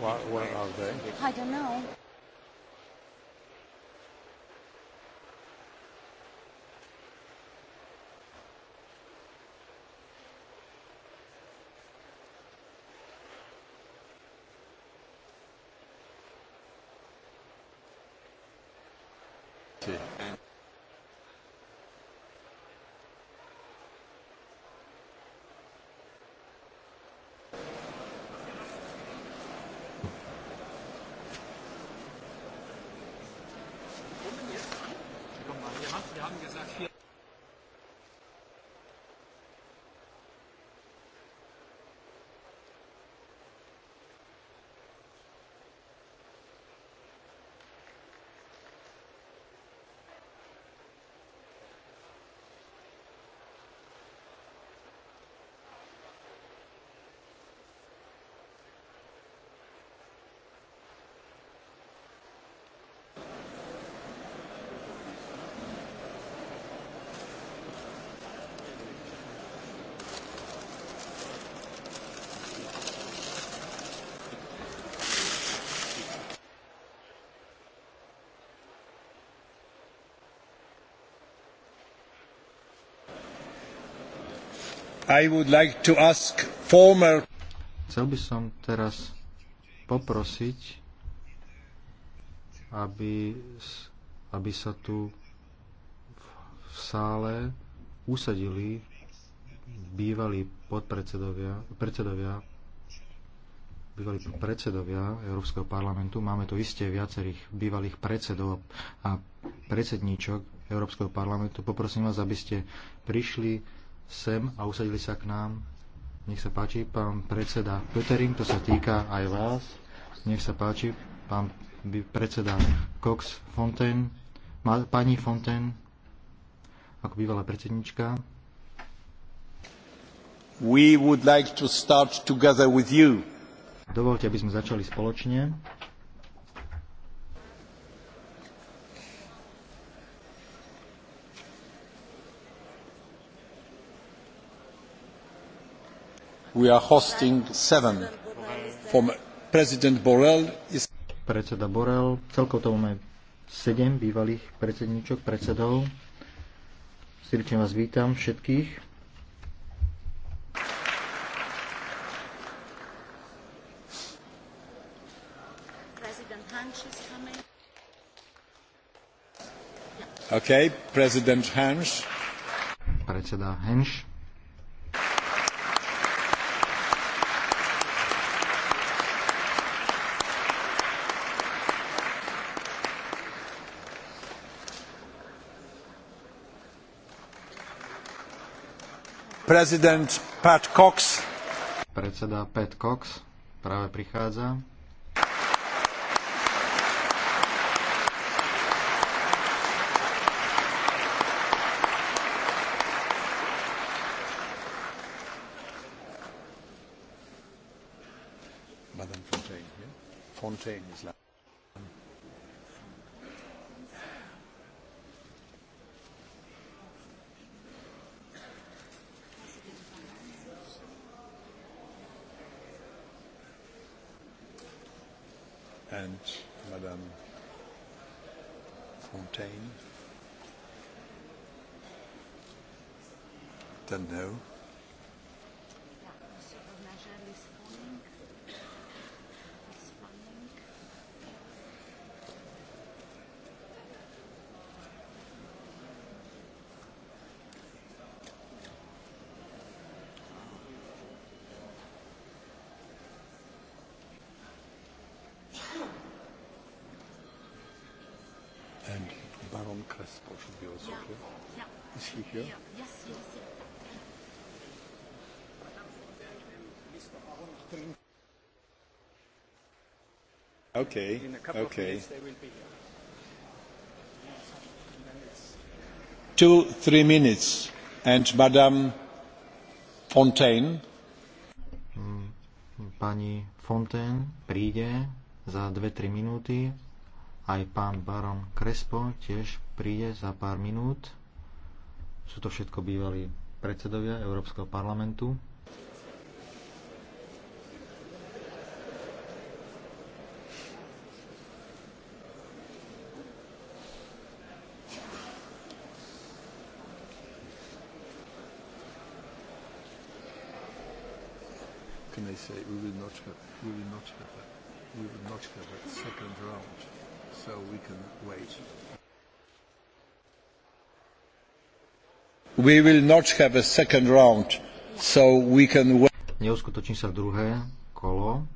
What, where are they? I don't know. haben gesagt, hier I would like to ask former... Chcel by som teraz poprosiť, aby, aby sa tu v sále usadili bývalí podpredsedovia, predsedovia, bývalí predsedovia Európskeho parlamentu. Máme tu isté viacerých bývalých predsedov a predsedníčok Európskeho parlamentu. Poprosím vás, aby ste prišli sem a usadili sa k nám. Nech sa páči, pán predseda Petering, to sa týka aj vás. Nech sa páči, pán predseda Cox Fonten, pani Fonten, ako bývalá predsednička. We would like to start together with you. Dovolte, aby sme začali spoločne. We are hosting seven from President Borrell is... Predseda Borrell, celkovo to máme sedem bývalých predsedničok, predsedov. Srdečne vás vítam všetkých. Okay, predseda Hensch. Predseda Pat Cox práve prichádza. Okay. In a couple okay. of minutes they will be here. Two, three minutes. And Madame Fontaine. Mm, pani Fontaine príde za 2-3 minúty. Aj pán baron Crespo tiež príde za pár minút. Sú to všetko bývalí predsedovia Európskeho parlamentu. say we will not have we will not have a, we will not have a second round, so we can wait. We will not have a second round, so we can wait. Neuskutoční sa druhé kolo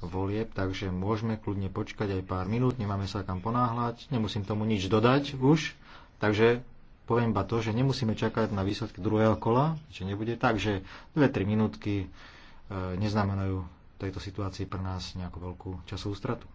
volieb, takže môžeme kľudne počkať aj pár minút, nemáme sa kam ponáhľať, nemusím tomu nič dodať už, takže poviem iba to, že nemusíme čakať na výsledky druhého kola, že nebude tak, že 2-3 minútky neznamenajú v tejto situácii pre nás nejakú veľkú časovú stratu.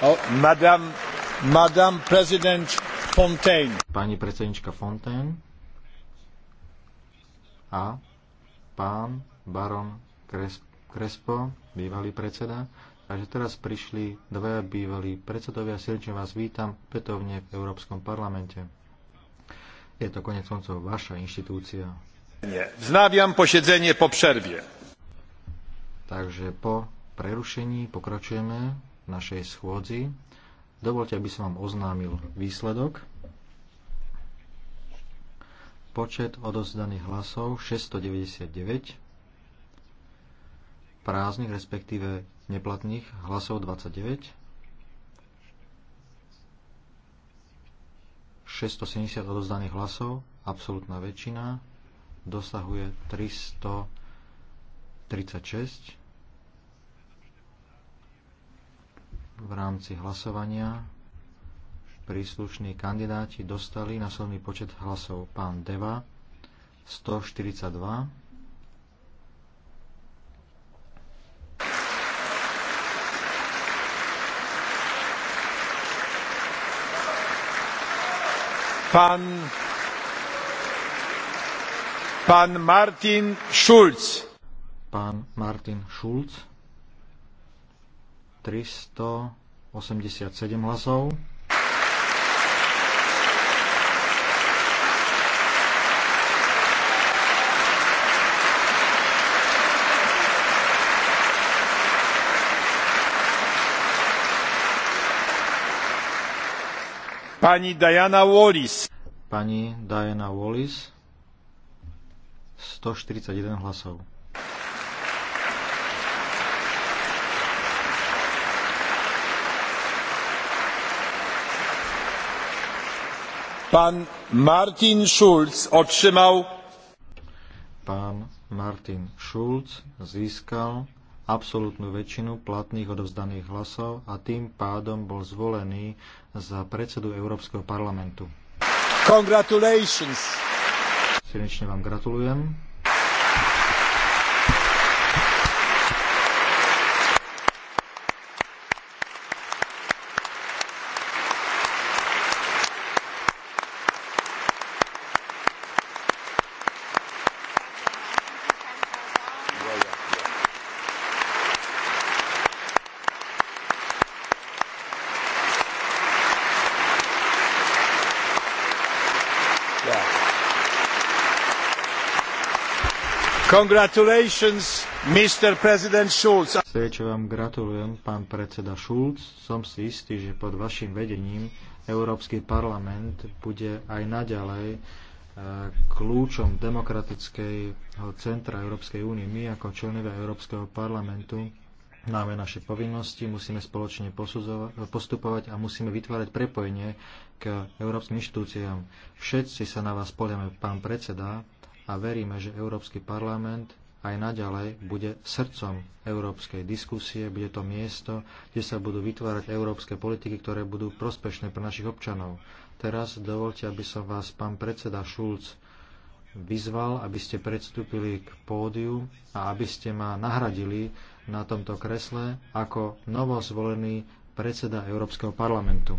Oh, Pani predsednička Fontaine a pán baron Crespo, bývalý predseda. Takže teraz prišli dvaja bývalí predsedovia. Srdečne vás vítam petovne v Európskom parlamente. Je to konec koncov vaša inštitúcia. po Takže po prerušení pokračujeme v našej schôdzi. Dovolte, aby som vám oznámil výsledok. Počet odozdaných hlasov 699, prázdnych respektíve neplatných hlasov 29, 670 odozdaných hlasov, absolútna väčšina, dosahuje 336, v rámci hlasovania príslušní kandidáti dostali nasledný počet hlasov. Pán Deva 142, Pan, pán Martin Schulz. Pán Martin Schulz. 387 hlasov. Pani Diana Wallis. Pani Diana Wallis. 141 hlasov. Pán Martin Schulz otrzymał Pán Martin Schulz získal absolútnu väčšinu platných odovzdaných hlasov a tým pádom bol zvolený za predsedu Európskeho parlamentu. Congratulations! Srdečne vám gratulujem. Congratulations, Mr. President Schulz. Srdečne vám gratulujem, pán predseda Schulz. Som si istý, že pod vašim vedením Európsky parlament bude aj naďalej eh, kľúčom demokratického centra Európskej únie. My ako členovia Európskeho parlamentu máme naše povinnosti, musíme spoločne postupovať a musíme vytvárať prepojenie k európskym inštitúciám. Všetci sa na vás poliame, pán predseda, a veríme, že Európsky parlament aj naďalej bude srdcom európskej diskusie, bude to miesto, kde sa budú vytvárať európske politiky, ktoré budú prospešné pre našich občanov. Teraz dovolte, aby som vás, pán predseda Šulc, vyzval, aby ste predstúpili k pódiu a aby ste ma nahradili na tomto kresle ako novozvolený predseda Európskeho parlamentu.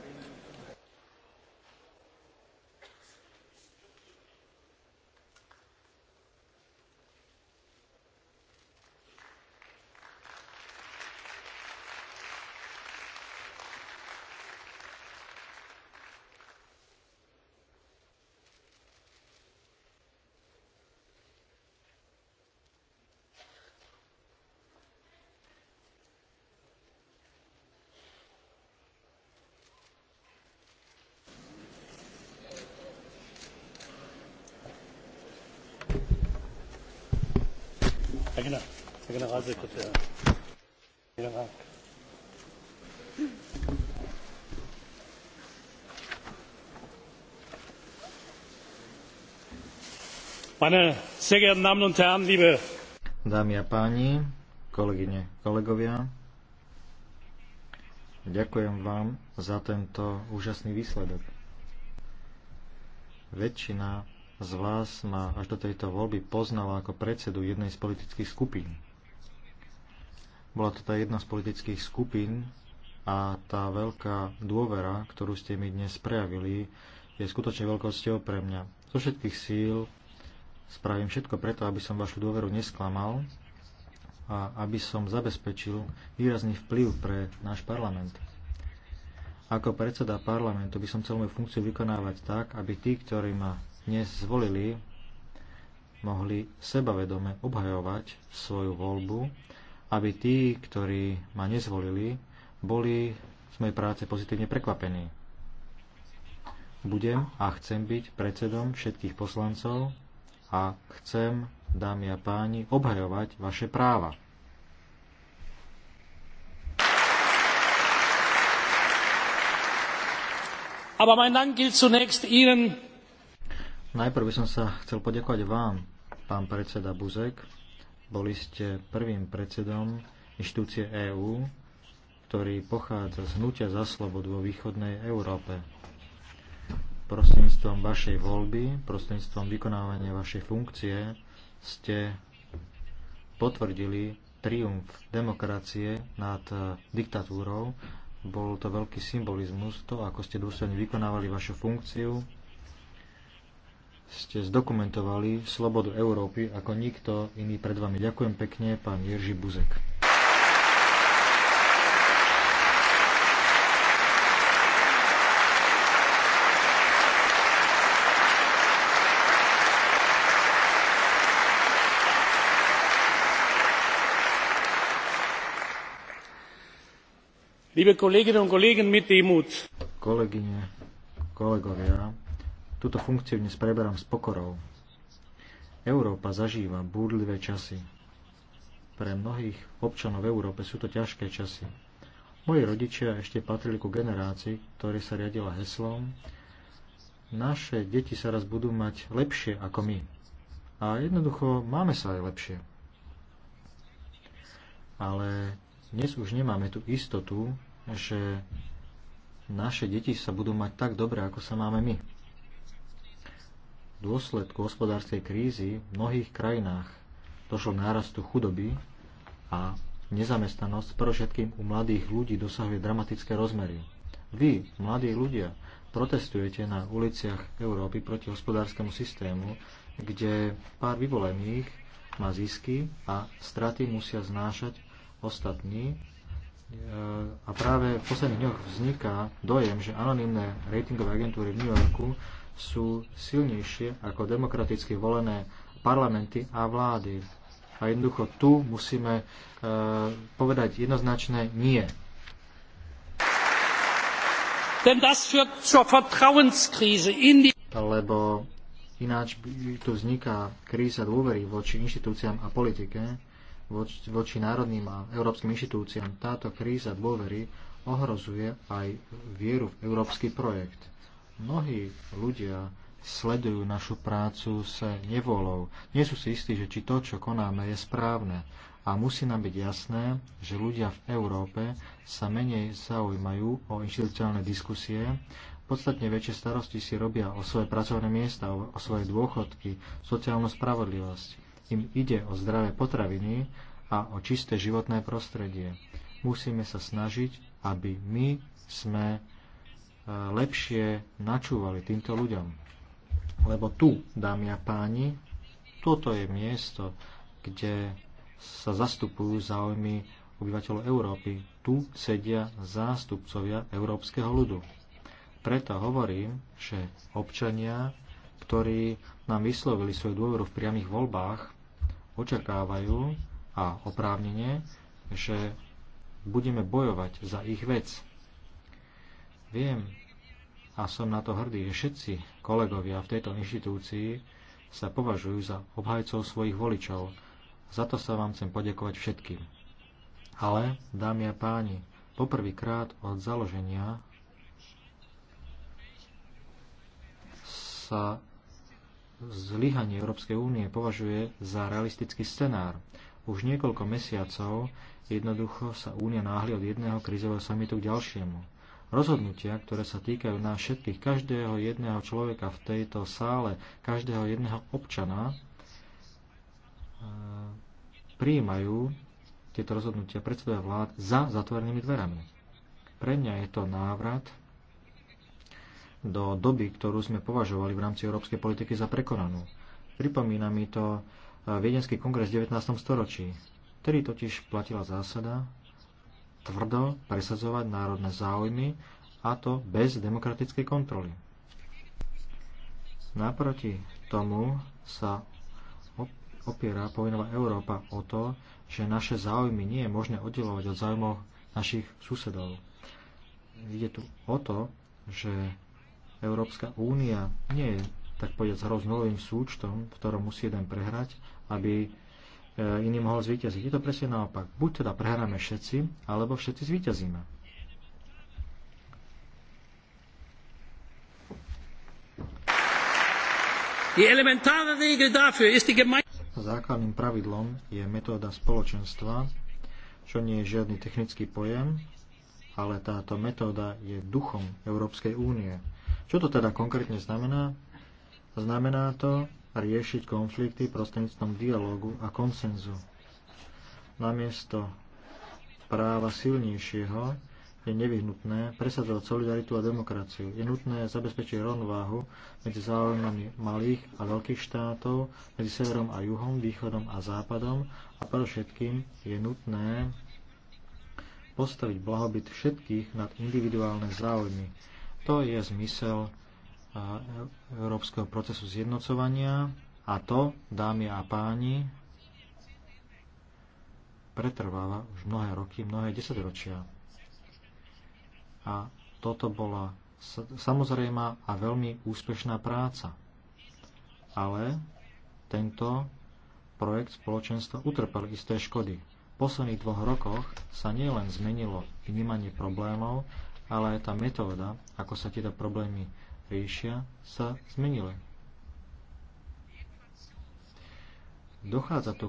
Dámy a páni, kolegyne, kolegovia, ďakujem vám za tento úžasný výsledok. Väčšina z vás ma až do tejto voľby poznala ako predsedu jednej z politických skupín. Bola to tá jedna z politických skupín a tá veľká dôvera, ktorú ste mi dnes prejavili, je skutočne veľkosťou pre mňa. Zo všetkých síl spravím všetko preto, aby som vašu dôveru nesklamal a aby som zabezpečil výrazný vplyv pre náš parlament. Ako predseda parlamentu by som chcel moju funkciu vykonávať tak, aby tí, ktorí ma dnes zvolili, mohli sebavedome obhajovať svoju voľbu, aby tí, ktorí ma nezvolili, boli z mojej práce pozitívne prekvapení. Budem a chcem byť predsedom všetkých poslancov a chcem, dámy a páni, obhajovať vaše práva. Aber mein Dank gilt zunächst Ihnen, Najprv by som sa chcel poďakovať vám, pán predseda Buzek. Boli ste prvým predsedom inštitúcie EÚ, ktorý pochádza z hnutia za slobodu vo východnej Európe. Prostredníctvom vašej voľby, prostredníctvom vykonávania vašej funkcie ste potvrdili triumf demokracie nad eh, diktatúrou. Bol to veľký symbolizmus, to, ako ste dôsledne vykonávali vašu funkciu, ste zdokumentovali slobodu Európy ako nikto iný pred vami. Ďakujem pekne, pán Jerži Buzek. Liebe Kolleginnen und Kollegen mit Demut. Kolegyne, kolegovia, Túto funkciu dnes preberám s pokorou. Európa zažíva búrlivé časy. Pre mnohých občanov v Európe sú to ťažké časy. Moji rodičia ešte patrili ku generácii, ktorý sa riadila heslom naše deti sa raz budú mať lepšie ako my. A jednoducho máme sa aj lepšie. Ale dnes už nemáme tú istotu, že naše deti sa budú mať tak dobre, ako sa máme my dôsledku hospodárskej krízy v mnohých krajinách došlo k nárastu chudoby a nezamestnanosť predovšetkým u mladých ľudí dosahuje dramatické rozmery. Vy, mladí ľudia, protestujete na uliciach Európy proti hospodárskemu systému, kde pár vyvolených má zisky a straty musia znášať ostatní. E, a práve v posledných dňoch vzniká dojem, že anonimné ratingové agentúry v New Yorku sú silnejšie ako demokraticky volené parlamenty a vlády. A jednoducho tu musíme e, povedať jednoznačné nie. Lebo ináč tu vzniká kríza dôvery voči inštitúciám a politike, voči, voči národným a európskym inštitúciám. Táto kríza dôvery ohrozuje aj vieru v európsky projekt mnohí ľudia sledujú našu prácu s nevolou. Nie sú si istí, že či to, čo konáme, je správne. A musí nám byť jasné, že ľudia v Európe sa menej zaujímajú o inštitucionálne diskusie, podstatne väčšie starosti si robia o svoje pracovné miesta, o, o svoje dôchodky, sociálnu spravodlivosť. Im ide o zdravé potraviny a o čisté životné prostredie. Musíme sa snažiť, aby my sme E, lepšie načúvali týmto ľuďom. Lebo tu, dámy a páni, toto je miesto, kde sa zastupujú záujmy obyvateľov Európy. Tu sedia zástupcovia európskeho ľudu. Preto hovorím, že občania, ktorí nám vyslovili svoju dôveru v priamých voľbách, očakávajú a oprávnenie, že budeme bojovať za ich vec. Viem, a som na to hrdý, že všetci kolegovia v tejto inštitúcii sa považujú za obhajcov svojich voličov. Za to sa vám chcem podekovať všetkým. Ale, dámy a páni, poprvýkrát od založenia sa zlyhanie Európskej únie považuje za realistický scenár. Už niekoľko mesiacov jednoducho sa únia náhli od jedného krizového samitu k ďalšiemu Rozhodnutia, ktoré sa týkajú nás všetkých, každého jedného človeka v tejto sále, každého jedného občana, e, prijímajú tieto rozhodnutia predsedovia vlád za zatvorenými dverami. Pre mňa je to návrat do doby, ktorú sme považovali v rámci európskej politiky za prekonanú. Pripomína mi to e, Viedenský kongres v 19. storočí. ktorý totiž platila zásada, tvrdo presadzovať národné záujmy a to bez demokratickej kontroly. Naproti tomu sa opiera povinová Európa o to, že naše záujmy nie je možné oddelovať od záujmov našich susedov. Ide tu o to, že Európska únia nie je tak povedať s hroznovým súčtom, v ktorom musí jeden prehrať, aby E, iný mohol zvíťaziť. Je to presne naopak. Buď teda prehráme všetci, alebo všetci zvíťazíme. Základným pravidlom je metóda spoločenstva, čo nie je žiadny technický pojem, ale táto metóda je duchom Európskej únie. Čo to teda konkrétne znamená? Znamená to, riešiť konflikty prostredníctvom dialógu a konsenzu. Namiesto práva silnejšieho je nevyhnutné presadzovať solidaritu a demokraciu. Je nutné zabezpečiť rovnováhu medzi záujmami malých a veľkých štátov, medzi severom a juhom, východom a západom a predovšetkým je nutné postaviť blahobyt všetkých nad individuálne záujmy. To je zmysel európskeho procesu zjednocovania a to, dámy a páni, pretrváva už mnohé roky, mnohé desaťročia. A toto bola samozrejma a veľmi úspešná práca. Ale tento projekt spoločenstva utrpel isté škody. V posledných dvoch rokoch sa nielen zmenilo vnímanie problémov, ale aj tá metóda, ako sa tieto problémy riešia, sa zmenili. Dochádza tu,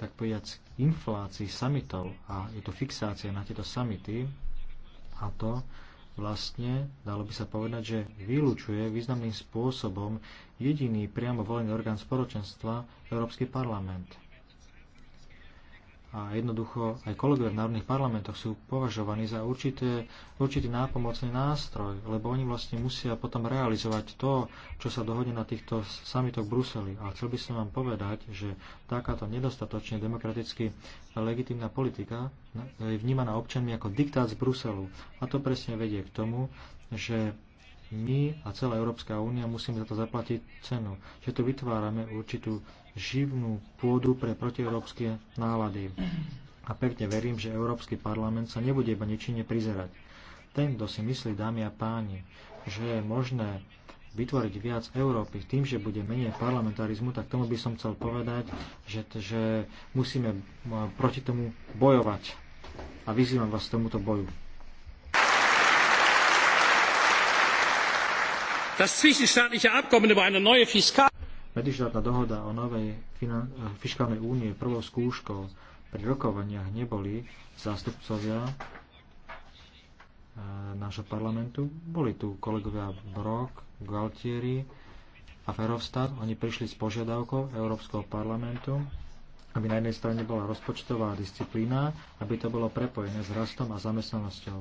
tak povedať, k inflácii samitov a je to fixácia na tieto samity a to vlastne, dalo by sa povedať, že vylúčuje významným spôsobom jediný priamo volený orgán spoločenstva Európsky parlament a jednoducho aj kolegovia v národných parlamentoch sú považovaní za určité, určitý nápomocný nástroj, lebo oni vlastne musia potom realizovať to, čo sa dohodne na týchto samitoch v Bruseli. A chcel by som vám povedať, že takáto nedostatočne demokraticky legitímna politika je vnímaná občanmi ako diktát z Bruselu. A to presne vedie k tomu, že my a celá Európska únia musíme za to zaplatiť cenu. Že tu vytvárame určitú živnú pôdu pre protieurópske nálady. A pevne verím, že Európsky parlament sa nebude iba nečine prizerať. Ten, kto si myslí, dámy a páni, že je možné vytvoriť viac Európy tým, že bude menej parlamentarizmu, tak tomu by som chcel povedať, že, že musíme eh, proti tomu bojovať. A vyzývam vás k tomuto boju. Das zwischenstaatliche Abkommen über eine neue Fiskal Medzištátna dohoda o novej eh, fiskálnej únie prvou skúškou pri rokovaniach neboli zástupcovia eh, nášho parlamentu. Boli tu kolegovia Brok, Galtieri a Ferovstad. Oni prišli s požiadavkou Európskeho parlamentu, aby na jednej strane bola rozpočtová disciplína, aby to bolo prepojené s rastom a zamestnanosťou.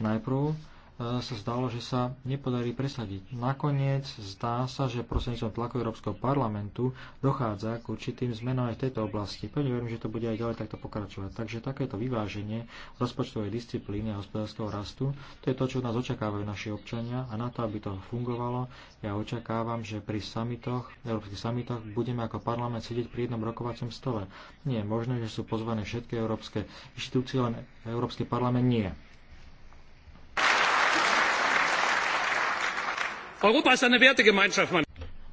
Najprv E, sa zdalo, že sa nepodarí presadiť. Nakoniec zdá sa, že prostredníctvom tlaku Európskeho parlamentu dochádza k určitým zmenám aj v tejto oblasti. Pevne verím, že to bude aj ďalej takto pokračovať. Takže takéto vyváženie rozpočtovej disciplíny a hospodárskeho rastu, to je to, čo od nás očakávajú naši občania a na to, aby to fungovalo, ja očakávam, že pri samitoch, európskych samitoch budeme ako parlament sedieť pri jednom rokovacom stole. Nie je možné, že sú pozvané všetky európske inštitúcie, len Európsky parlament nie.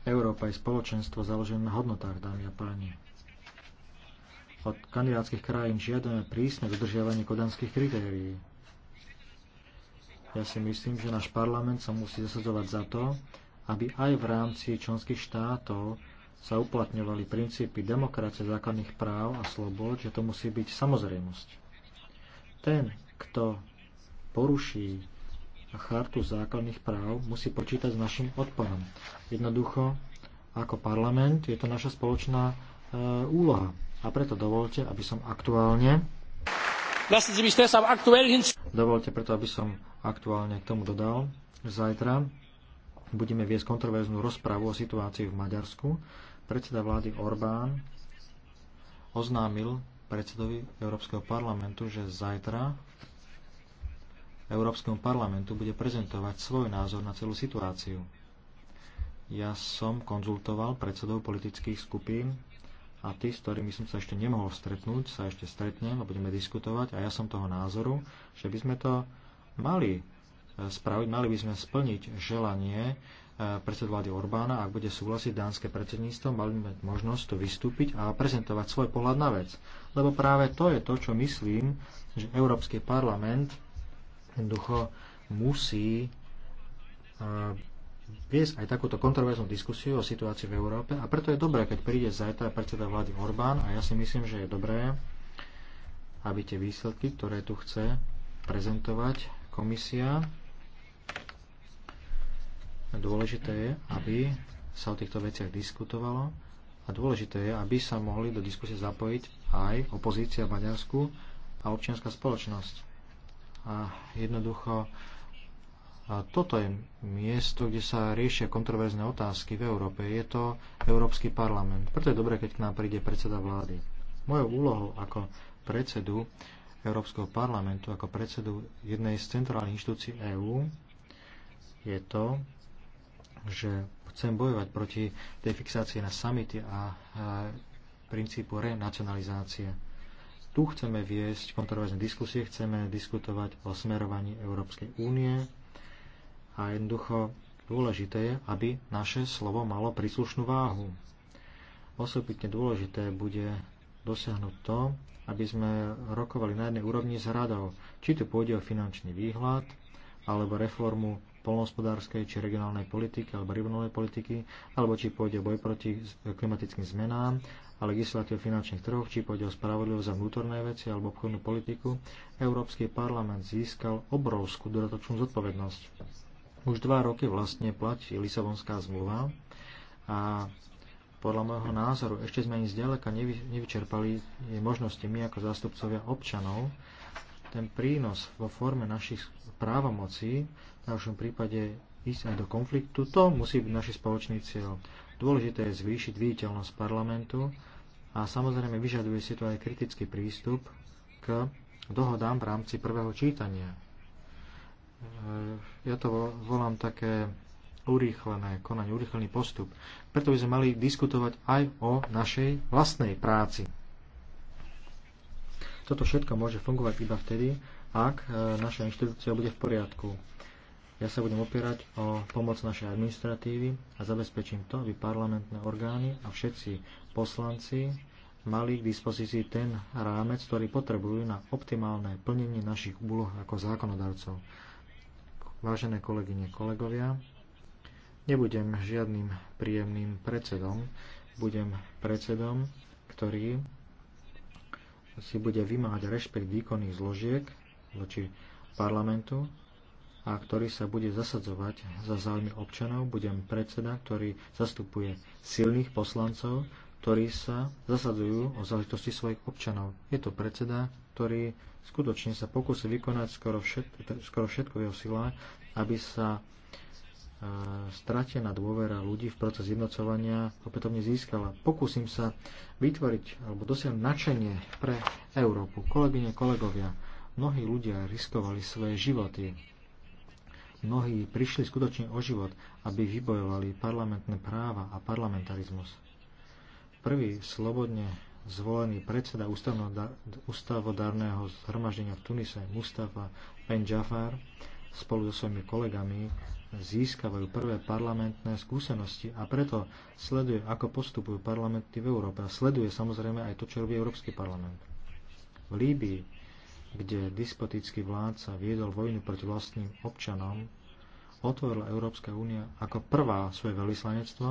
Európa je spoločenstvo založené na hodnotách, dámy a páni. Od kandidátskych krajín žiadame prísne dodržiavanie kodanských kritérií. Ja si myslím, že náš parlament sa musí zasadzovať za to, aby aj v rámci členských štátov sa uplatňovali princípy demokracie, základných práv a slobod, že to musí byť samozrejmosť. Ten, kto poruší a chartu základných práv musí počítať s našim odporom. Jednoducho, ako parlament je to naša spoločná e, úloha. A preto dovolte, aby som aktuálne Dovolte preto, aby som aktuálne k tomu dodal, že zajtra budeme viesť kontroverznú rozpravu o situácii v Maďarsku. Predseda vlády Orbán oznámil predsedovi Európskeho parlamentu, že zajtra Európskom parlamentu bude prezentovať svoj názor na celú situáciu. Ja som konzultoval predsedov politických skupín a tí, s ktorými som sa ešte nemohol stretnúť, sa ešte stretnem a budeme diskutovať a ja som toho názoru, že by sme to mali e, spraviť, mali by sme splniť želanie e, predsedu vlády Orbána, ak bude súhlasiť dánske predsedníctvo, mali by mať možnosť tu vystúpiť a prezentovať svoj pohľad na vec. Lebo práve to je to, čo myslím, že Európsky parlament jednoducho musí viesť aj takúto kontroverznú diskusiu o situácii v Európe a preto je dobré, keď príde zajtra predseda vlády Orbán a ja si myslím, že je dobré, aby tie výsledky, ktoré tu chce prezentovať komisia, dôležité je, aby sa o týchto veciach diskutovalo a dôležité je, aby sa mohli do diskusie zapojiť aj opozícia v Maďarsku a občianská spoločnosť a jednoducho a toto je miesto, kde sa riešia kontroverzné otázky v Európe. Je to Európsky parlament. Preto je dobré, keď k nám príde predseda vlády. Mojou úlohou ako predsedu Európskeho parlamentu, ako predsedu jednej z centrálnych inštitúcií EÚ je to, že chcem bojovať proti tej fixácii na samity a princípu renacionalizácie. Tu chceme viesť kontroverzné diskusie, chceme diskutovať o smerovaní Európskej únie a jednoducho dôležité je, aby naše slovo malo príslušnú váhu. Osobitne dôležité bude dosiahnuť to, aby sme rokovali na jednej úrovni s radou, či to pôjde o finančný výhľad, alebo reformu polnohospodárskej či regionálnej politiky alebo rybnovej politiky, alebo či pôjde boj proti klimatickým zmenám, a legislatív finančných trhoch, či pôjde o spravodlivosť a vnútorné veci alebo obchodnú politiku, Európsky parlament získal obrovskú dodatočnú zodpovednosť. Už dva roky vlastne platí Lisabonská zmluva a podľa môjho názoru ešte sme ani zďaleka nevy, nevyčerpali jej možnosti my ako zástupcovia občanov. Ten prínos vo forme našich právomocí, v našom prípade ísť aj do konfliktu, to musí byť naš spoločný cieľ. Dôležité je zvýšiť viditeľnosť parlamentu a samozrejme vyžaduje si to aj kritický prístup k dohodám v rámci prvého čítania. E, ja to volám také urýchlené konanie, urýchlený postup. Preto by sme mali diskutovať aj o našej vlastnej práci. Toto všetko môže fungovať iba vtedy, ak e, naša inštitúcia bude v poriadku. Ja sa budem opierať o pomoc našej administratívy a zabezpečím to, aby parlamentné orgány a všetci poslanci mali k dispozícii ten rámec, ktorý potrebujú na optimálne plnenie našich úloh ako zákonodarcov. Vážené kolegyne, kolegovia, nebudem žiadnym príjemným predsedom. Budem predsedom, ktorý si bude vymáhať rešpekt výkonných zložiek voči parlamentu a ktorý sa bude zasadzovať za záujmy občanov. Budem predseda, ktorý zastupuje silných poslancov, ktorí sa zasadzujú o záležitosti svojich občanov. Je to predseda, ktorý skutočne sa pokusí vykonať skoro všetko, skoro všetko v jeho silách, aby sa e, stratená dôvera ľudí v proces jednocovania opätovne získala. Pokúsim sa vytvoriť alebo dosiahnuť načenie pre Európu. Kolegyne, kolegovia, mnohí ľudia riskovali svoje životy Mnohí prišli skutočne o život, aby vybojovali parlamentné práva a parlamentarizmus. Prvý slobodne zvolený predseda ústavodárneho zhromaždenia v Tunise Mustafa Ben Jafar spolu so svojimi kolegami získavajú prvé parlamentné skúsenosti a preto sleduje, ako postupujú parlamenty v Európe a sleduje samozrejme aj to, čo robí Európsky parlament. V Líbii kde despotický vládca viedol vojnu proti vlastným občanom, otvorila Európska únia ako prvá svoje veľvyslanectvo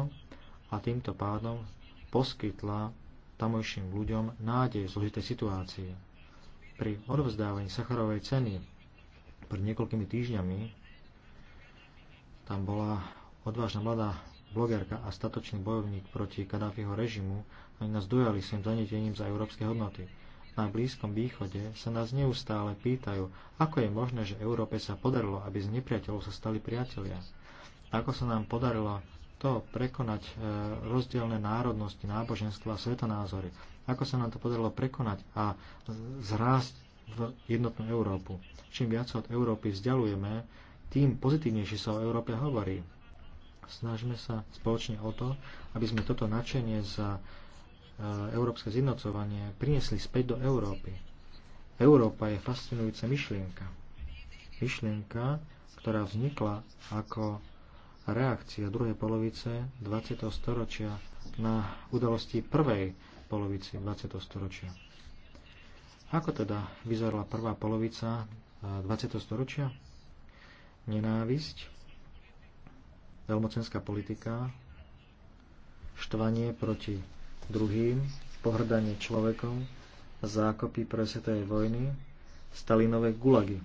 a týmto pádom poskytla tamojším ľuďom nádej v zložitej situácii. Pri odovzdávaní Sacharovej ceny pred niekoľkými týždňami tam bola odvážna mladá blogerka a statočný bojovník proti Kadáfiho režimu, a nás dojali svojim zanietením za európske hodnoty na Blízkom východe sa nás neustále pýtajú, ako je možné, že Európe sa podarilo, aby z nepriateľov sa stali priatelia. Ako sa nám podarilo to prekonať e, rozdielne národnosti, náboženstva a svetonázory. Ako sa nám to podarilo prekonať a zrásť v jednotnú Európu. Čím viac od Európy vzdialujeme, tým pozitívnejšie sa o Európe hovorí. Snažme sa spoločne o to, aby sme toto nadšenie za Eh, európske zjednocovanie priniesli späť do Európy. Európa je fascinujúca myšlienka. Myšlienka, ktorá vznikla ako reakcia druhej polovice 20. storočia na udalosti prvej polovici 20. storočia. Ako teda vyzerala prvá polovica 20. Eh, storočia? Nenávisť, veľmocenská politika, štvanie proti druhým, pohrdanie človekom, zákopy pre svetovej vojny, Stalinové gulagy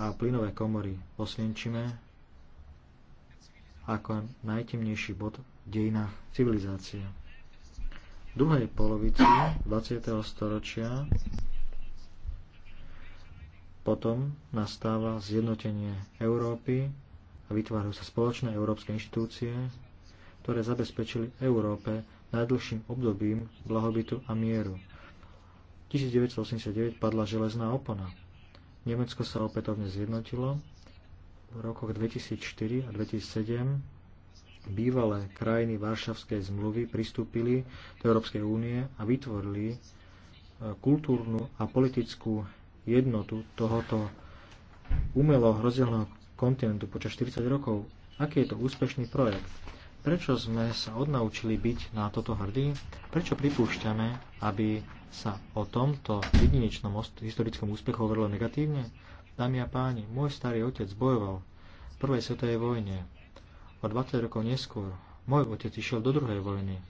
a plynové komory osvienčime ako najtemnejší bod v dejinách civilizácie. V druhej polovici 20. storočia potom nastáva zjednotenie Európy a vytvárajú sa spoločné európske inštitúcie, ktoré zabezpečili Európe najdlhším obdobím blahobytu a mieru. 1989 padla železná opona. Nemecko sa opätovne zjednotilo. V rokoch 2004 a 2007 bývalé krajiny Varšavskej zmluvy pristúpili do Európskej únie a vytvorili e, kultúrnu a politickú jednotu tohoto umelo rozdielného kontinentu počas 40 rokov. Aký je to úspešný projekt? Prečo sme sa odnaučili byť na toto hrdí? Prečo pripúšťame, aby sa o tomto jedinečnom historickom úspechu hovorilo negatívne? Dámy a páni, môj starý otec bojoval v prvej svetovej vojne. O 20 rokov neskôr môj otec išiel do druhej vojny.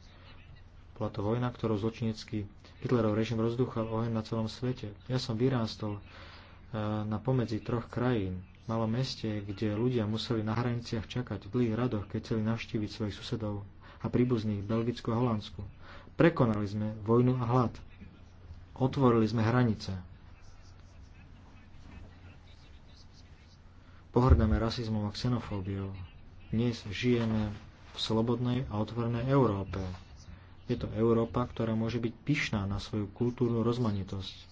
Bola to vojna, ktorou zločinecký Hitlerov režim rozdúchal oheň na celom svete. Ja som vyrástol eh, na pomedzi troch krajín malom meste, kde ľudia museli na hraniciach čakať v dlhých radoch, keď chceli navštíviť svojich susedov a príbuzných Belgicku a Holandsku. Prekonali sme vojnu a hlad. Otvorili sme hranice. Pohrdáme rasizmom a xenofóbiou. Dnes žijeme v slobodnej a otvorenej Európe. Je to Európa, ktorá môže byť pyšná na svoju kultúrnu rozmanitosť.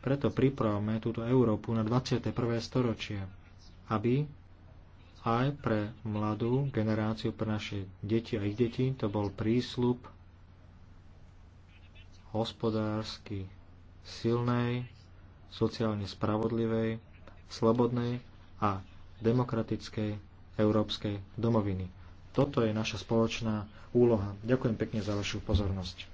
Preto pripravme túto Európu na 21. storočie, aby aj pre mladú generáciu, pre naše deti a ich deti, to bol prísľub hospodársky silnej, sociálne spravodlivej, slobodnej a demokratickej európskej domoviny. Toto je naša spoločná úloha. Ďakujem pekne za vašu pozornosť.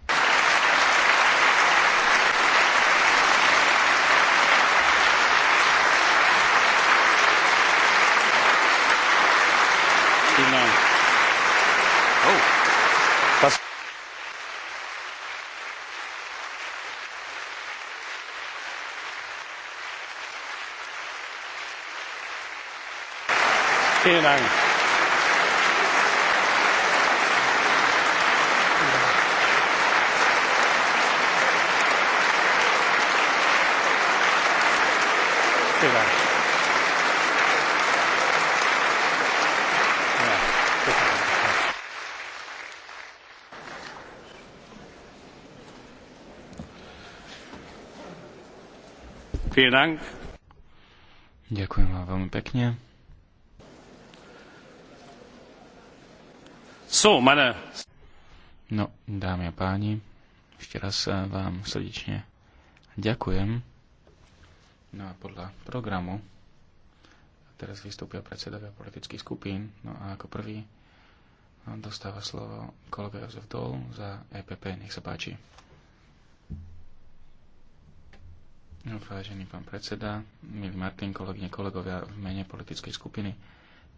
Vielen Dank. Vielen Dank. Vielen Dank. Ďakujem vám veľmi pekne. So, meine... No, dámy a páni, ešte raz eh, vám srdečne ďakujem. No a podľa programu teraz vystúpia predsedovia politických skupín. No a ako prvý eh, dostáva slovo kolega Jozef Dol za EPP. Nech sa páči. No, vážený pán predseda, milý Martin, kolegyne, kolegovia v mene politickej skupiny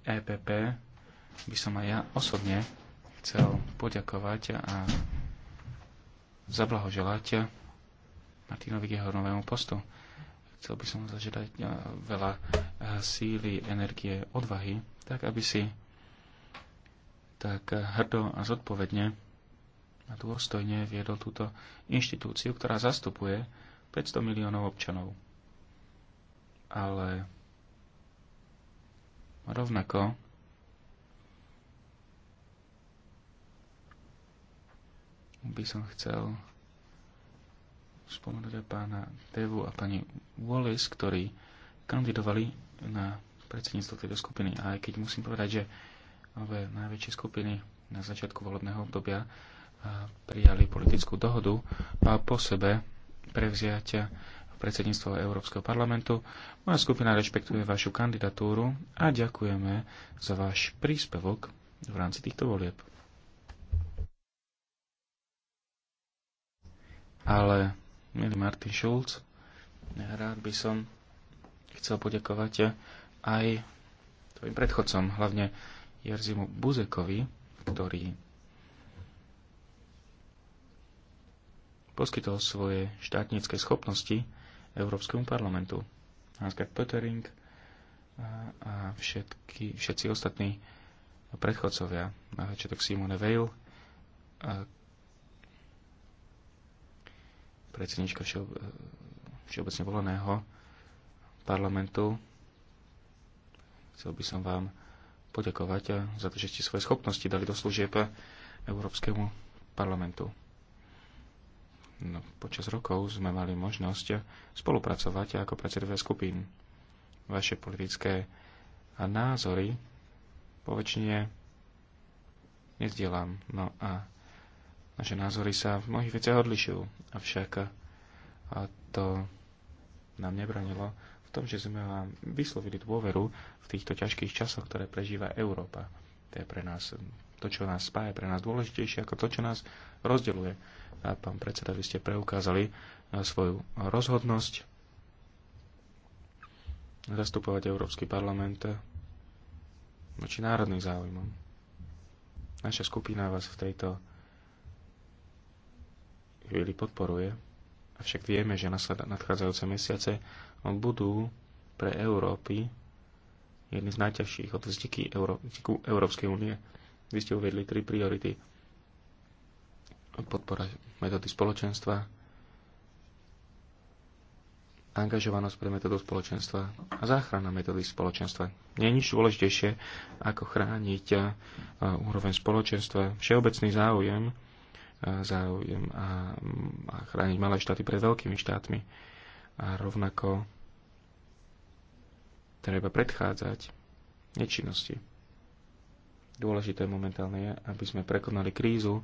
EPP by som aj ja osobne chcel poďakovať a zablahoželať Martinovi k jeho novému postu. Chcel by som zažiadať e, veľa e, síly, energie, odvahy, tak aby si tak hrdo a zodpovedne a dôstojne viedol túto inštitúciu, ktorá zastupuje 500 miliónov občanov. Ale rovnako by som chcel spomenúť aj pána Devu a pani Wallis, ktorí kandidovali na predsedníctvo tejto skupiny. A aj keď musím povedať, že nové najväčšie skupiny na začiatku volebného obdobia prijali politickú dohodu a po sebe prevziať predsedníctvo Európskeho parlamentu. Moja skupina rešpektuje vašu kandidatúru a ďakujeme za váš príspevok v rámci týchto volieb. ale milý Martin Schulz, rád by som chcel poďakovať aj tvojim predchodcom, hlavne Jerzimu Buzekovi, ktorý poskytol svoje štátnické schopnosti Európskemu parlamentu. Hans-Gerd Pöttering a, a všetky, všetci ostatní predchodcovia, na začiatok Simone Weil, predsednička všeobecne voleného parlamentu. Chcel by som vám poďakovať eh, za to, že ste svoje schopnosti dali do služieb Európskemu parlamentu. No, počas rokov sme mali možnosť spolupracovať ako predsedové skupín. Vaše politické názory po väčšine nezdielam. No a naše názory sa v mnohých veciach odlišujú, avšak a to nám nebranilo v tom, že sme vám vyslovili dôveru v týchto ťažkých časoch, ktoré prežíva Európa. To je pre nás to, čo nás spája, pre nás dôležitejšie ako to, čo nás rozdeluje. A pán predseda, vy ste preukázali svoju rozhodnosť zastupovať Európsky parlament voči národným záujmom. Naša skupina vás v tejto chvíli podporuje, avšak vieme, že nadchádzajúce mesiace budú pre Európy jedný z najťažších od vzniku Euró- Európskej únie. Vy ste uvedli tri priority. Podpora metódy spoločenstva, angažovanosť pre metódu spoločenstva a záchrana metódy spoločenstva. Nie je nič dôležitejšie, ako chrániť uh, úroveň spoločenstva, všeobecný záujem záujem a, a chrániť malé štáty pred veľkými štátmi. A rovnako treba predchádzať nečinnosti. Dôležité momentálne je, aby sme prekonali krízu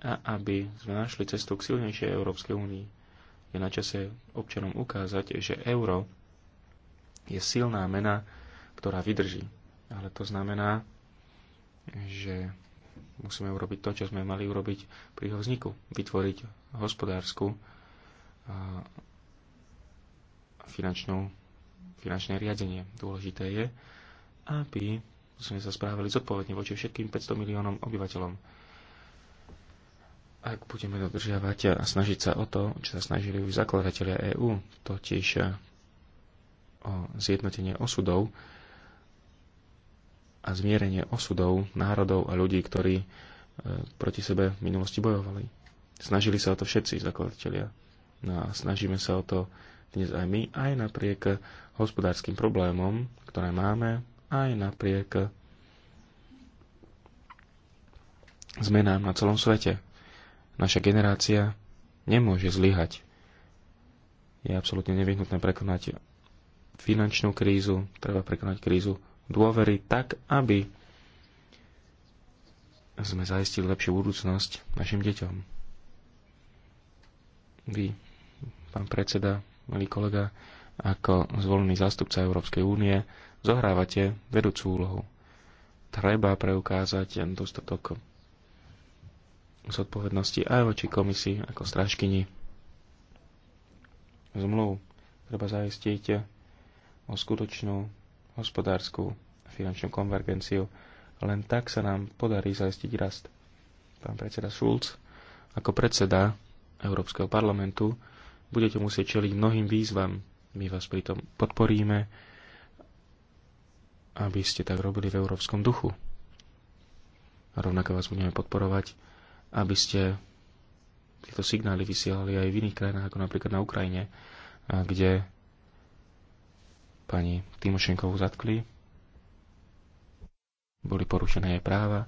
a aby sme našli cestu k silnejšej Európskej únii. Je na čase občanom ukázať, že euro je silná mena, ktorá vydrží. Ale to znamená, že musíme urobiť to, čo sme mali urobiť pri jeho vzniku. Vytvoriť hospodárskú a finančnú, finančné riadenie. Dôležité je, aby sme sa správali zodpovedne voči všetkým 500 miliónom obyvateľom. Ak budeme dodržiavať a snažiť sa o to, čo sa snažili už zakladatelia EÚ, totiž o zjednotenie osudov, a zmierenie osudov národov a ľudí, ktorí e, proti sebe v minulosti bojovali. Snažili sa o to všetci zakladatelia. No a snažíme sa o to dnes aj my, aj napriek hospodárskym problémom, ktoré máme, aj napriek zmenám na celom svete. Naša generácia nemôže zlyhať. Je absolútne nevyhnutné prekonať finančnú krízu, treba prekonať krízu dôvery tak, aby sme zaistili lepšiu budúcnosť našim deťom. Vy, pán predseda, milý kolega, ako zvolený zástupca Európskej únie, zohrávate vedúcu úlohu. Treba preukázať dostatok zodpovednosti aj voči komisii ako strážkyni Zmluvu Treba zaistiť o skutočnú hospodárskú a finančnú konvergenciu. Len tak sa nám podarí zaistiť rast. Pán predseda Schulz, ako predseda Európskeho parlamentu budete musieť čeliť mnohým výzvam. My vás pritom podporíme, aby ste tak robili v európskom duchu. A rovnako vás budeme podporovať, aby ste tieto signály vysielali aj v iných krajinách, ako napríklad na Ukrajine, kde pani Timošenkovú zatkli, boli porušené jej práva,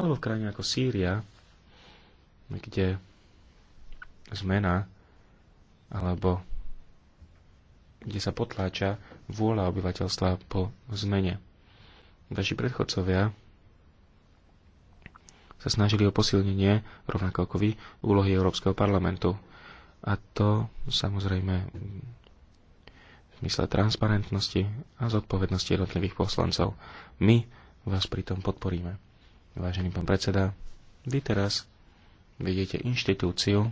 alebo v krajine ako Sýria, kde zmena alebo kde sa potláča vôľa obyvateľstva po zmene. Naši predchodcovia sa snažili o posilnenie, rovnako ako vy, úlohy Európskeho parlamentu. A to samozrejme mysle transparentnosti a zodpovednosti jednotlivých poslancov. My vás pritom podporíme. Vážený pán predseda, vy teraz vidíte inštitúciu,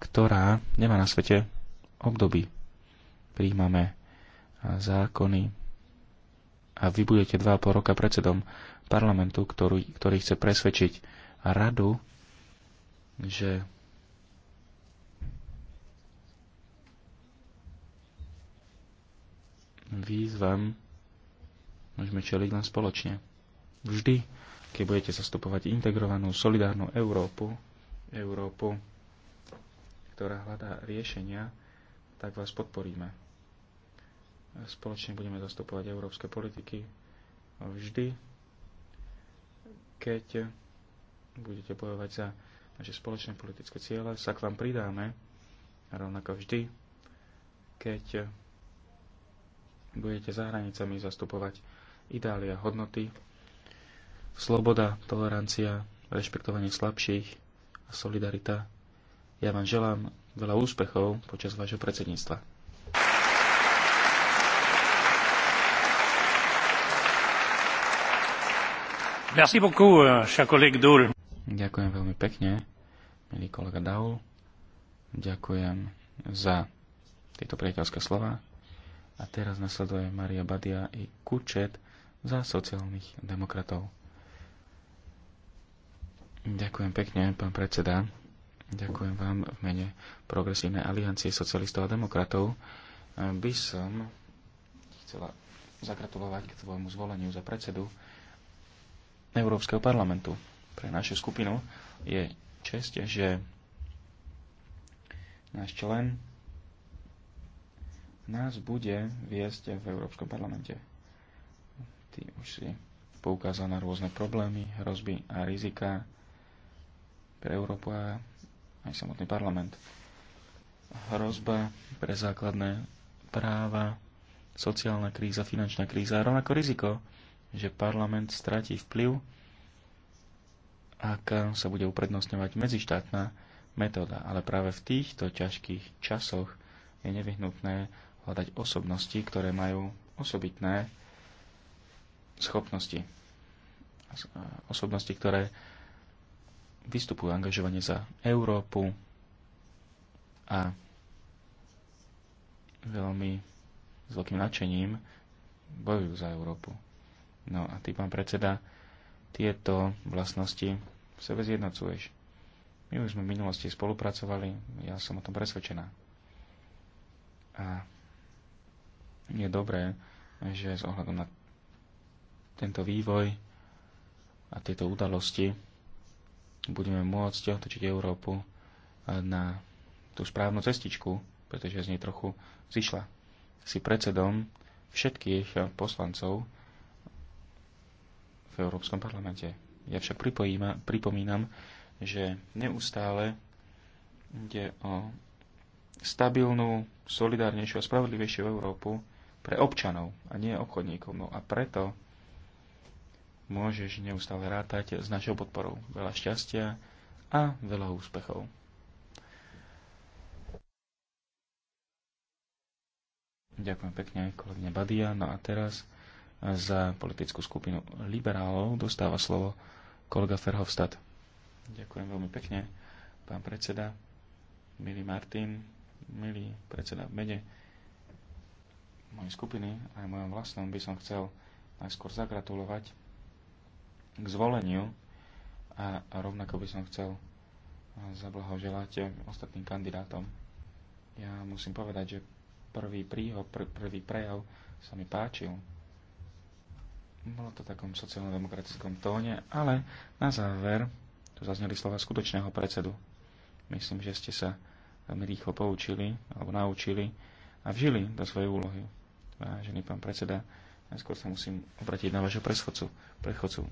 ktorá nemá na svete obdoby. Príjmame zákony a vy budete 2,5 roka predsedom parlamentu, ktorý, ktorý chce presvedčiť radu, že výzvam môžeme čeliť len spoločne. Vždy, keď budete zastupovať integrovanú, solidárnu Európu, Európu, ktorá hľadá riešenia, tak vás podporíme. Spoločne budeme zastupovať európske politiky vždy, keď budete bojovať za naše spoločné politické ciele, sa k vám pridáme, rovnako vždy, keď budete za hranicami zastupovať a hodnoty, sloboda, tolerancia, rešpektovanie slabších a solidarita. Ja vám želám veľa úspechov počas vášho predsedníctva. Merci beaucoup, euh, cher collègue Daul. Ďakujem veľmi pekne, milý kolega Daul. Ďakujem za tieto priateľské slova. A teraz nasleduje Maria Badia i Kučet za sociálnych demokratov. Ďakujem pekne, pán predseda. Ďakujem vám v mene Progresívnej aliancie socialistov a demokratov. By som chcela zagratulovať k tvojmu zvoleniu za predsedu Európskeho parlamentu. Pre našu skupinu je čest, že náš člen nás bude viesť v Európskom parlamente. Ty už si poukázal na rôzne problémy, hrozby a rizika pre Európu a aj samotný parlament. Hrozba pre základné práva, sociálna kríza, finančná kríza a rovnako riziko, že parlament stratí vplyv, ak sa bude uprednostňovať medzištátna metóda. Ale práve v týchto ťažkých časoch je nevyhnutné hľadať osobnosti, ktoré majú osobitné schopnosti. Osobnosti, ktoré vystupujú angažovanie za Európu a veľmi s veľkým nadšením bojujú za Európu. No a ty, pán predseda, tieto vlastnosti v sebe zjednocuješ. My už sme v minulosti spolupracovali, ja som o tom presvedčená. A je dobré, že s ohľadom na tento vývoj a tieto udalosti budeme môcť otočiť Európu na tú správnu cestičku, pretože z nej trochu zišla. Si predsedom všetkých poslancov v Európskom parlamente. Ja však pripomínam, že neustále ide o stabilnú, solidárnejšiu a spravodlivejšiu Európu, pre občanov a nie obchodníkov. No a preto môžeš neustále rátať s našou podporou. Veľa šťastia a veľa úspechov. Ďakujem pekne kolegne Badia. No a teraz za politickú skupinu liberálov dostáva slovo kolega Ferhovstad. Ďakujem veľmi pekne, pán predseda, milý Martin, milý predseda v mene mojej skupiny, aj mojom vlastnom, by som chcel najskôr zagratulovať k zvoleniu a rovnako by som chcel eh, zablahoželať eh, ostatným kandidátom. Ja musím povedať, že prvý príhod, pr- prvý prejav sa mi páčil. Bolo to v takom sociálno-demokratickom tóne, ale na záver tu zazneli slova skutočného predsedu. Myslím, že ste sa veľmi rýchlo poučili alebo naučili a vžili do svojej úlohy vážený pán predseda, najskôr sa musím obratiť na vašho predchodcu. predchodcu.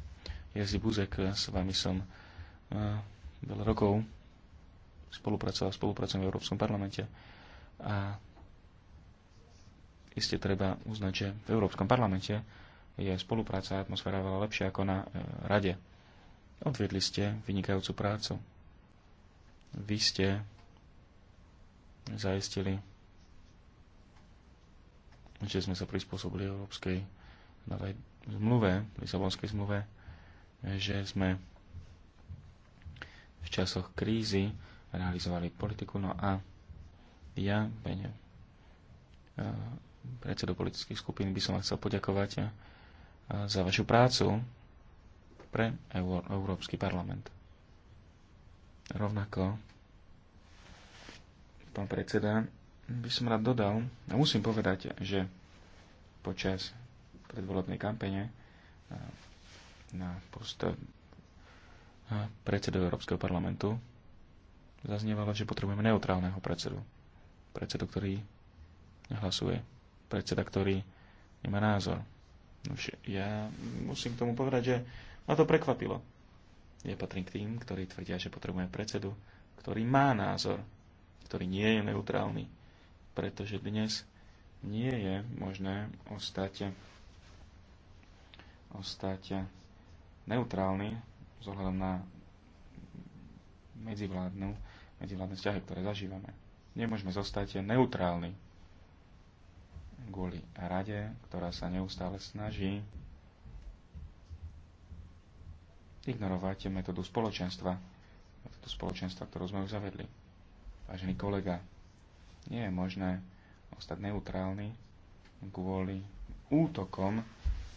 Jezi Buzek, eh, s vami som eh, veľa rokov spolupracoval, spolupracujem v Európskom parlamente a iste treba uznať, že v Európskom parlamente je spolupráca a atmosféra veľa lepšia ako na eh, rade. Odviedli ste vynikajúcu prácu. Vy ste zaistili že sme sa prispôsobili Európskej novej zmluve, Lisabonskej zmluve, že sme v časoch krízy realizovali politiku. No a ja, Beňa, e, predsedu politických skupín, by som vám chcel poďakovať e, za vašu prácu pre Európsky parlament. Rovnako, pán predseda, by som rád dodal, a musím povedať, že počas predvolebnej kampane na post predsedu Európskeho parlamentu zaznievalo, že potrebujeme neutrálneho predsedu. Predsedu, ktorý nehlasuje. Predseda, ktorý nemá názor. Už ja musím k tomu povedať, že ma to prekvapilo. Ja patrím k tým, ktorí tvrdia, že potrebujeme predsedu, ktorý má názor, ktorý nie je neutrálny, pretože dnes nie je možné ostať, ostať neutrálny s ohľadom na medzivládnu, medzivládne vzťahy, ktoré zažívame. Nemôžeme zostať neutrálni kvôli rade, ktorá sa neustále snaží ignorovať metódu spoločenstva, metódu spoločenstva, ktorú sme už zavedli. Vážený kolega, nie je možné ostať neutrálny kvôli útokom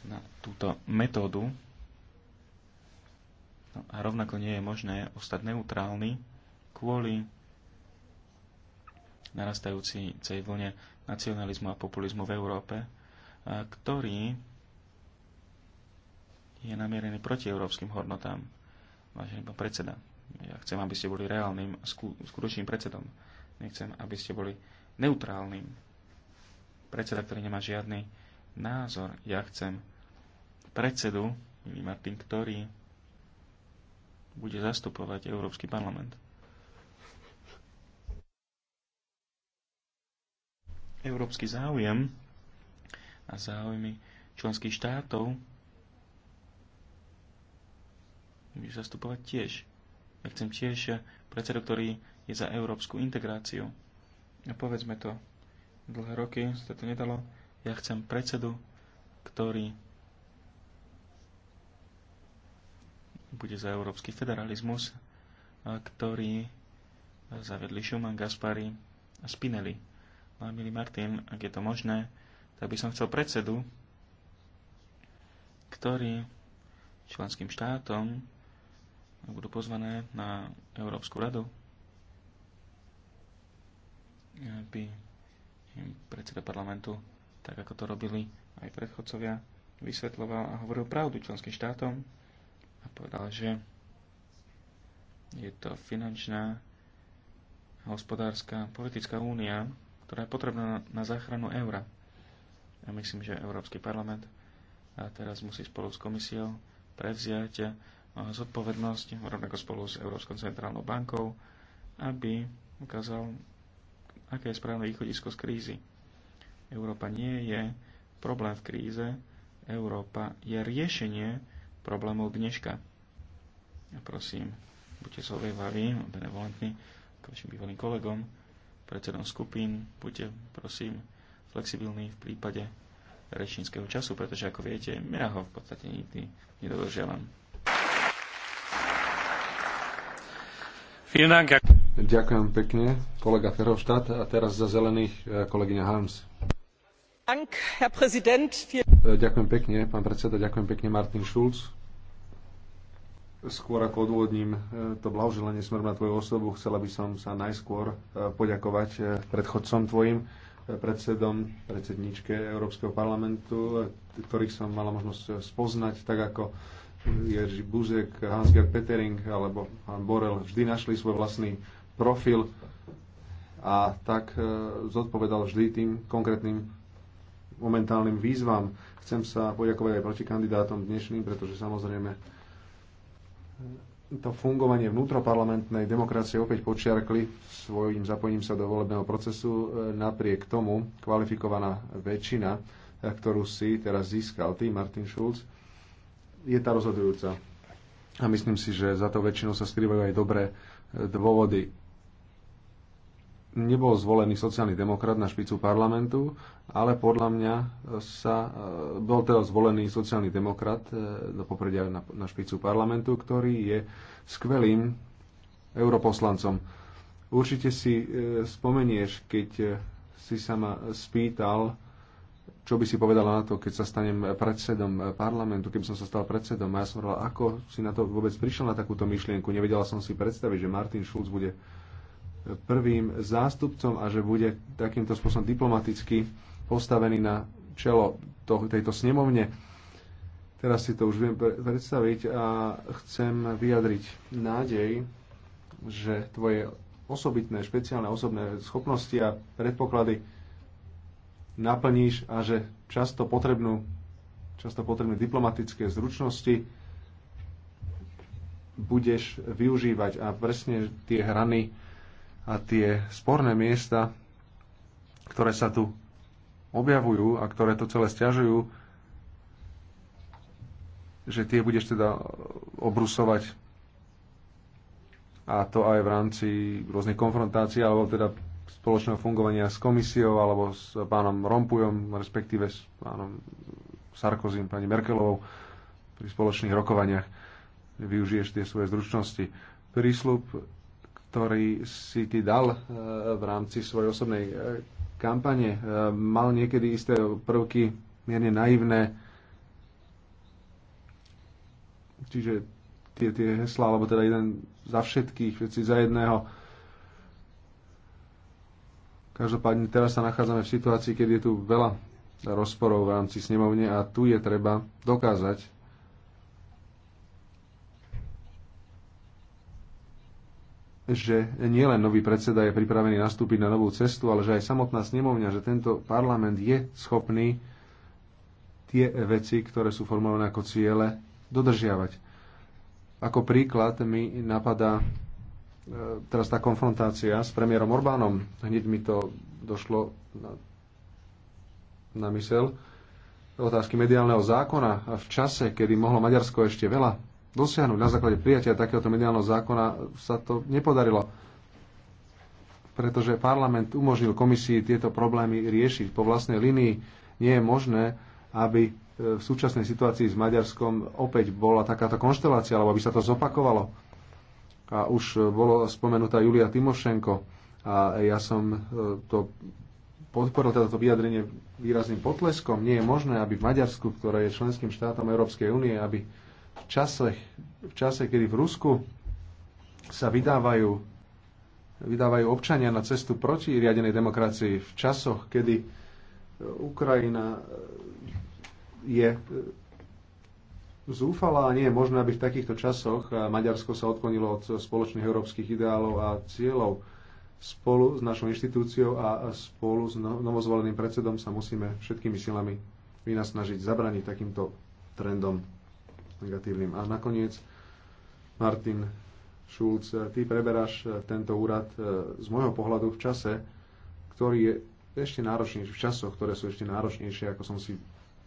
na túto metódu. No a rovnako nie je možné ostať neutrálny kvôli narastajúcej vlne nacionalizmu a populizmu v Európe, ktorý je namierený proti európskym hodnotám. Vážený pán predseda, ja chcem, aby ste boli reálnym, skutočným predsedom nechcem, aby ste boli neutrálnym. Predseda, ktorý nemá žiadny názor, ja chcem predsedu, Martin, ktorý bude zastupovať Európsky parlament. Európsky záujem a záujmy členských štátov bude zastupovať tiež. Ja chcem tiež eh, predsedu, ktorý je za európsku integráciu. A povedzme to, dlhé roky sa to nedalo. Ja chcem predsedu, ktorý bude za európsky federalizmus, ktorý zavedli Schumann, Gaspari a Spinelli. No a milý Martin, ak je to možné, tak by som chcel predsedu, ktorý členským štátom budú pozvané na Európsku radu by predseda parlamentu, tak ako to robili aj predchodcovia, vysvetloval a hovoril pravdu členským štátom a povedal, že je to finančná, hospodárska, politická únia, ktorá je potrebná na záchranu eura. Ja myslím, že Európsky parlament a teraz musí spolu s komisiou prevziať zodpovednosť, rovnako spolu s Európskou centrálnou bankou, aby ukázal aké je správne východisko z krízy. Európa nie je problém v kríze, Európa je riešenie problémov dneška. Ja prosím, buďte zovievaví, benevolentní k vašim bývalým kolegom, predsedom skupín, buďte, prosím, flexibilní v prípade rečníckého času, pretože ako viete, ja ho v podstate nikdy nedodržiavam. Vielen Dank, Ďakujem pekne, kolega Ferhofstadt. A teraz za zelených e, kolegyňa Harms. E, ďakujem pekne, pán predseda, ďakujem pekne, Martin Schulz. Skôr ako odôvodním e, to blahoželanie smerom na tvoju osobu, chcela by som sa najskôr poďakovať predchodcom tvojim, predsedom, predsedničke Európskeho parlamentu, ktorých som mala možnosť spoznať, tak ako Jerzy Buzek, Hans-Gerd Petering alebo pán Borel vždy našli svoj vlastný profil a tak e, zodpovedal vždy tým konkrétnym momentálnym výzvam. Chcem sa poďakovať aj proti kandidátom dnešným, pretože samozrejme e, to fungovanie vnútroparlamentnej demokracie opäť počiarkli svojim zapojením sa do volebného procesu. E, napriek tomu kvalifikovaná väčšina, ktorú si teraz získal ty, Martin Schulz, je tá rozhodujúca. A myslím si, že za to väčšinou sa skrývajú aj dobré dôvody nebol zvolený sociálny demokrat na špicu parlamentu, ale podľa mňa sa, e, bol teraz zvolený sociálny demokrat e, do popredia na, na špicu parlamentu, ktorý je skvelým europoslancom. Určite si e, spomenieš, keď si sa ma spýtal, čo by si povedala na to, keď sa stanem predsedom parlamentu, keby som sa stal predsedom. A ja som hovoril, ako si na to vôbec prišiel, na takúto myšlienku. Nevedela som si predstaviť, že Martin Schulz bude prvým zástupcom a že bude takýmto spôsobom diplomaticky postavený na čelo to, tejto snemovne. Teraz si to už viem predstaviť a chcem vyjadriť nádej, že tvoje osobitné, špeciálne osobné schopnosti a predpoklady naplníš a že často potrebnú, často potrebné diplomatické zručnosti budeš využívať a presne tie hrany a tie sporné miesta, ktoré sa tu objavujú a ktoré to celé stiažujú, že tie budeš teda obrusovať a to aj v rámci rôznych konfrontácií alebo teda spoločného fungovania s komisiou alebo s pánom Rompujom, respektíve s pánom Sarkozym, pani Merkelovou pri spoločných rokovaniach využiješ tie svoje zručnosti. Prísľub ktorý si ty dal eh, v rámci svojej osobnej eh, kampane, eh, mal niekedy isté prvky mierne naivné. Čiže tie, tie heslá, alebo teda jeden za všetkých, veci za jedného. Každopádne teraz sa nachádzame v situácii, keď je tu veľa rozporov v rámci snemovne a tu je treba dokázať že nielen nový predseda je pripravený nastúpiť na novú cestu, ale že aj samotná snemovňa, že tento parlament je schopný tie veci, ktoré sú formulované ako ciele, dodržiavať. Ako príklad mi napadá e, teraz tá konfrontácia s premiérom Orbánom. Hneď mi to došlo na, na mysel otázky mediálneho zákona v čase, kedy mohlo Maďarsko ešte veľa dosiahnuť na základe prijatia takéhoto mediálneho zákona, sa to nepodarilo pretože parlament umožnil komisii tieto problémy riešiť po vlastnej linii. Nie je možné, aby e, v súčasnej situácii s Maďarskom opäť bola takáto konštelácia, alebo aby sa to zopakovalo. A už e, bolo spomenutá Julia Timošenko a ja som e, to podporil toto teda vyjadrenie výrazným potleskom. Nie je možné, aby v Maďarsku, ktoré je členským štátom Európskej únie, aby v čase, v čase, kedy v Rusku sa vydávajú, vydávajú občania na cestu proti riadenej demokracii, v časoch, kedy Ukrajina eh, je eh, zúfala a nie je možné, aby v takýchto časoch eh, Maďarsko sa odklonilo od spoločných európskych ideálov a cieľov. Spolu s našou inštitúciou a spolu s no-, novozvoleným predsedom sa musíme všetkými silami vynasnažiť zabraniť takýmto trendom negatívnym. A nakoniec, Martin Schulz, ty preberáš eh, tento úrad eh, z môjho pohľadu v čase, ktorý je ešte náročnejší, v časoch, ktoré sú ešte náročnejšie, ako som si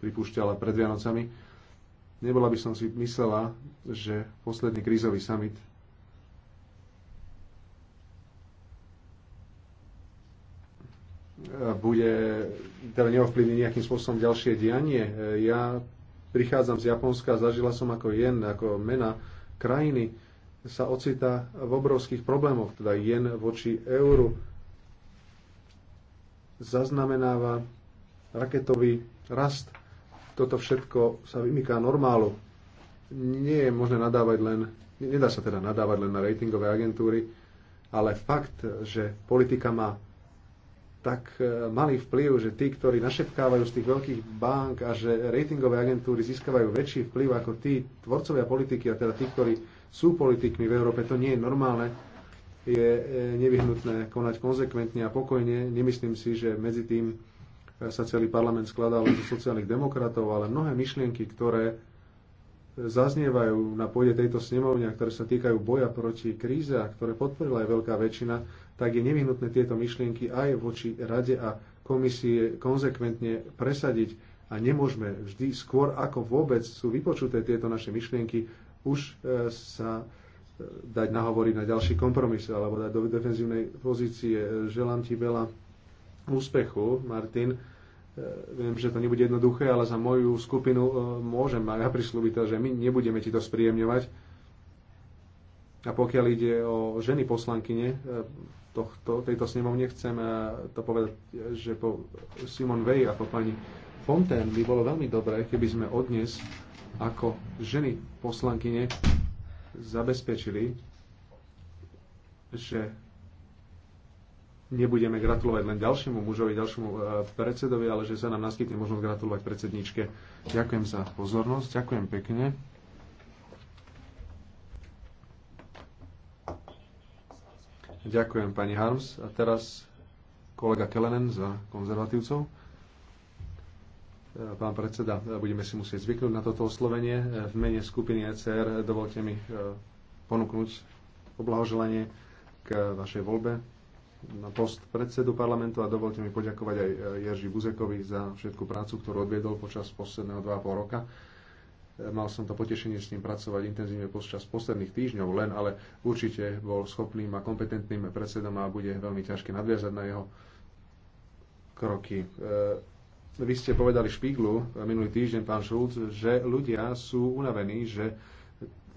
pripúšťala pred Vianocami. Nebola by som si myslela, že posledný krízový summit eh, bude, teda neovplyvný nejakým spôsobom ďalšie dianie. Ja prichádzam z Japonska a zažila som ako jen, ako mena krajiny sa ocitá v obrovských problémoch, teda jen voči euru zaznamenáva raketový rast. Toto všetko sa vymyká normálu. Nie je možné nadávať len, nedá sa teda nadávať len na ratingové agentúry, ale fakt, že politika má tak e, malý vplyv, že tí, ktorí našepkávajú z tých veľkých bank a že ratingové agentúry získavajú väčší vplyv ako tí tvorcovia politiky, a teda tí, ktorí sú politikmi v Európe, to nie je normálne. Je e, nevyhnutné konať konzekventne a pokojne. Nemyslím si, že medzi tým e, sa celý parlament skladal zo sociálnych demokratov, ale mnohé myšlienky, ktoré zaznievajú na pôde tejto snemovne, ktoré sa týkajú boja proti kríze a ktoré podporila aj veľká väčšina, tak je nevyhnutné tieto myšlienky aj voči rade a komisie konzekventne presadiť a nemôžeme vždy skôr ako vôbec sú vypočuté tieto naše myšlienky už e, sa e, dať nahovoriť na ďalší kompromis alebo dať do defenzívnej pozície. E, želám ti veľa úspechu, Martin. Viem, že to nebude jednoduché, ale za moju skupinu môžem a ja prislúbiť, že my nebudeme ti to spríjemňovať. A pokiaľ ide o ženy poslankyne, tohto, tejto snemovne chcem eh, to povedať, že po Simon Vej a po pani Fontaine by bolo veľmi dobré, keby sme odnes ako ženy poslankyne zabezpečili, že nebudeme gratulovať len ďalšiemu mužovi, ďalšiemu eh, predsedovi, ale že sa nám naskytne možnosť gratulovať predsedničke. Ďakujem za pozornosť, ďakujem pekne. Ďakujem, pani Harms. A teraz kolega Kelenen za konzervatívcov. E, pán predseda, e, budeme si musieť zvyknúť na toto oslovenie. E, v mene skupiny ECR dovolte mi ponúknuť oblahoželanie k vašej voľbe na post predsedu parlamentu a dovolte mi poďakovať aj Jerži Buzekovi za všetku prácu, ktorú odviedol počas posledného 2,5 roka Mal som to potešenie s ním pracovať intenzívne počas posledných týždňov len, ale určite bol schopným a kompetentným predsedom a bude veľmi ťažké nadviazať na jeho kroky. E, vy ste povedali Špíglu minulý týždeň, pán Šulc, že ľudia sú unavení, že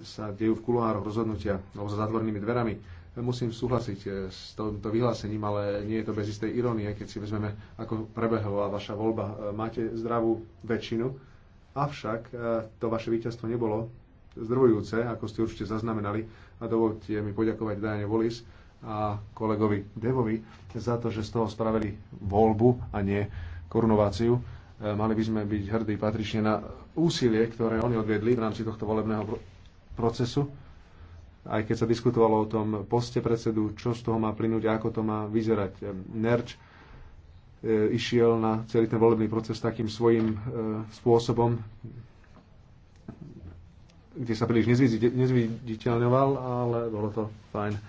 sa dejú v kuloároch rozhodnutia alebo za zatvorenými dverami. Musím súhlasiť e, s tomto vyhlásením, ale nie je to bez istej irónie, keď si vezmeme, ako prebehla vaša voľba. E, máte zdravú väčšinu, Avšak e, to vaše víťazstvo nebolo zdrvujúce, ako ste určite zaznamenali. A dovolte mi poďakovať Dajane Volis a kolegovi Devovi za to, že z toho spravili voľbu a nie korunováciu. E, mali by sme byť hrdí patrične na úsilie, ktoré oni odvedli v rámci tohto volebného procesu. Aj keď sa diskutovalo o tom poste predsedu, čo z toho má plynúť, ako to má vyzerať. E, Nerč E, išiel na celý ten volebný proces takým svojim e, spôsobom, kde sa príliš nezviditeľňoval, ale bolo to fajn. E,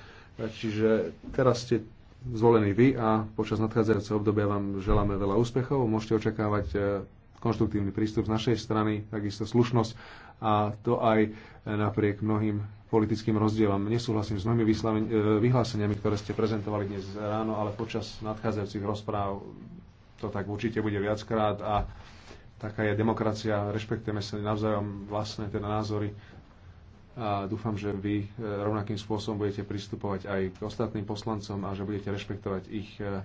čiže teraz ste zvolení vy a počas nadchádzajúceho obdobia vám želáme veľa úspechov. Môžete očakávať konštruktívny prístup z našej strany, takisto slušnosť a to aj napriek mnohým politickým rozdielom. Nesúhlasím s mnohými e, vyhláseniami, ktoré ste prezentovali dnes ráno, ale počas nadchádzajúcich rozpráv to tak určite bude viackrát a taká je demokracia, rešpektujeme sa navzájom vlastné teda názory a dúfam, že vy e, rovnakým spôsobom budete pristupovať aj k ostatným poslancom a že budete rešpektovať ich e,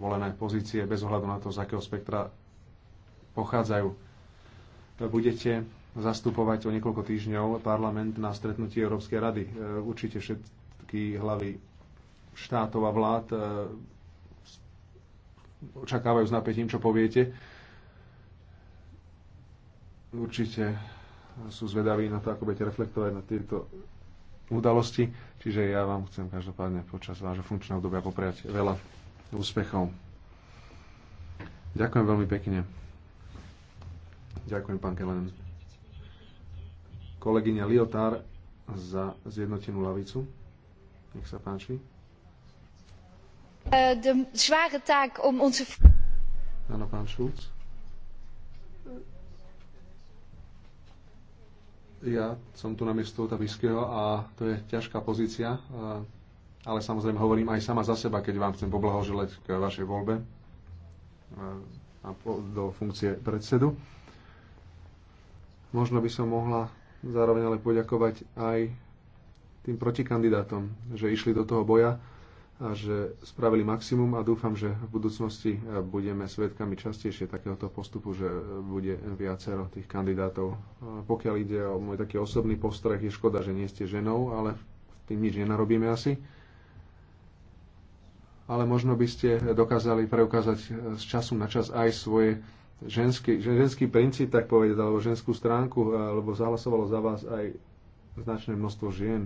volené pozície bez ohľadu na to, z akého spektra pochádzajú. Budete zastupovať o niekoľko týždňov parlament na stretnutí Európskej rady. E, určite všetky hlavy štátov a vlád e, očakávajú s napätím, čo poviete. Určite sú zvedaví na to, ako budete reflektovať na tieto udalosti. Čiže ja vám chcem každopádne počas vášho funkčného obdobia popriať veľa úspechov. Ďakujem veľmi pekne. Ďakujem, pán Kelen. Kolegyňa Liotár za zjednotenú lavicu. Nech sa páči. Eh, de zware taak om onze... Áno, pán Šulc. Ja som tu na miesto Tabiského a to je ťažká pozícia, eh, ale samozrejme hovorím aj sama za seba, keď vám chcem poblahoželať k vašej voľbe eh, a do funkcie predsedu. Možno by som mohla zároveň ale poďakovať aj tým protikandidátom, že išli do toho boja a že spravili maximum a dúfam, že v budúcnosti e, budeme svedkami častejšie takéhoto postupu, že e, bude viacero tých kandidátov. E, pokiaľ ide o môj taký osobný postreh, je škoda, že nie ste ženou, ale tým nič nenarobíme asi. Ale možno by ste dokázali preukázať z času na čas aj svoje ženský, ženský princíp, tak povedať, alebo ženskú stránku, lebo zahlasovalo za vás aj značné množstvo žien.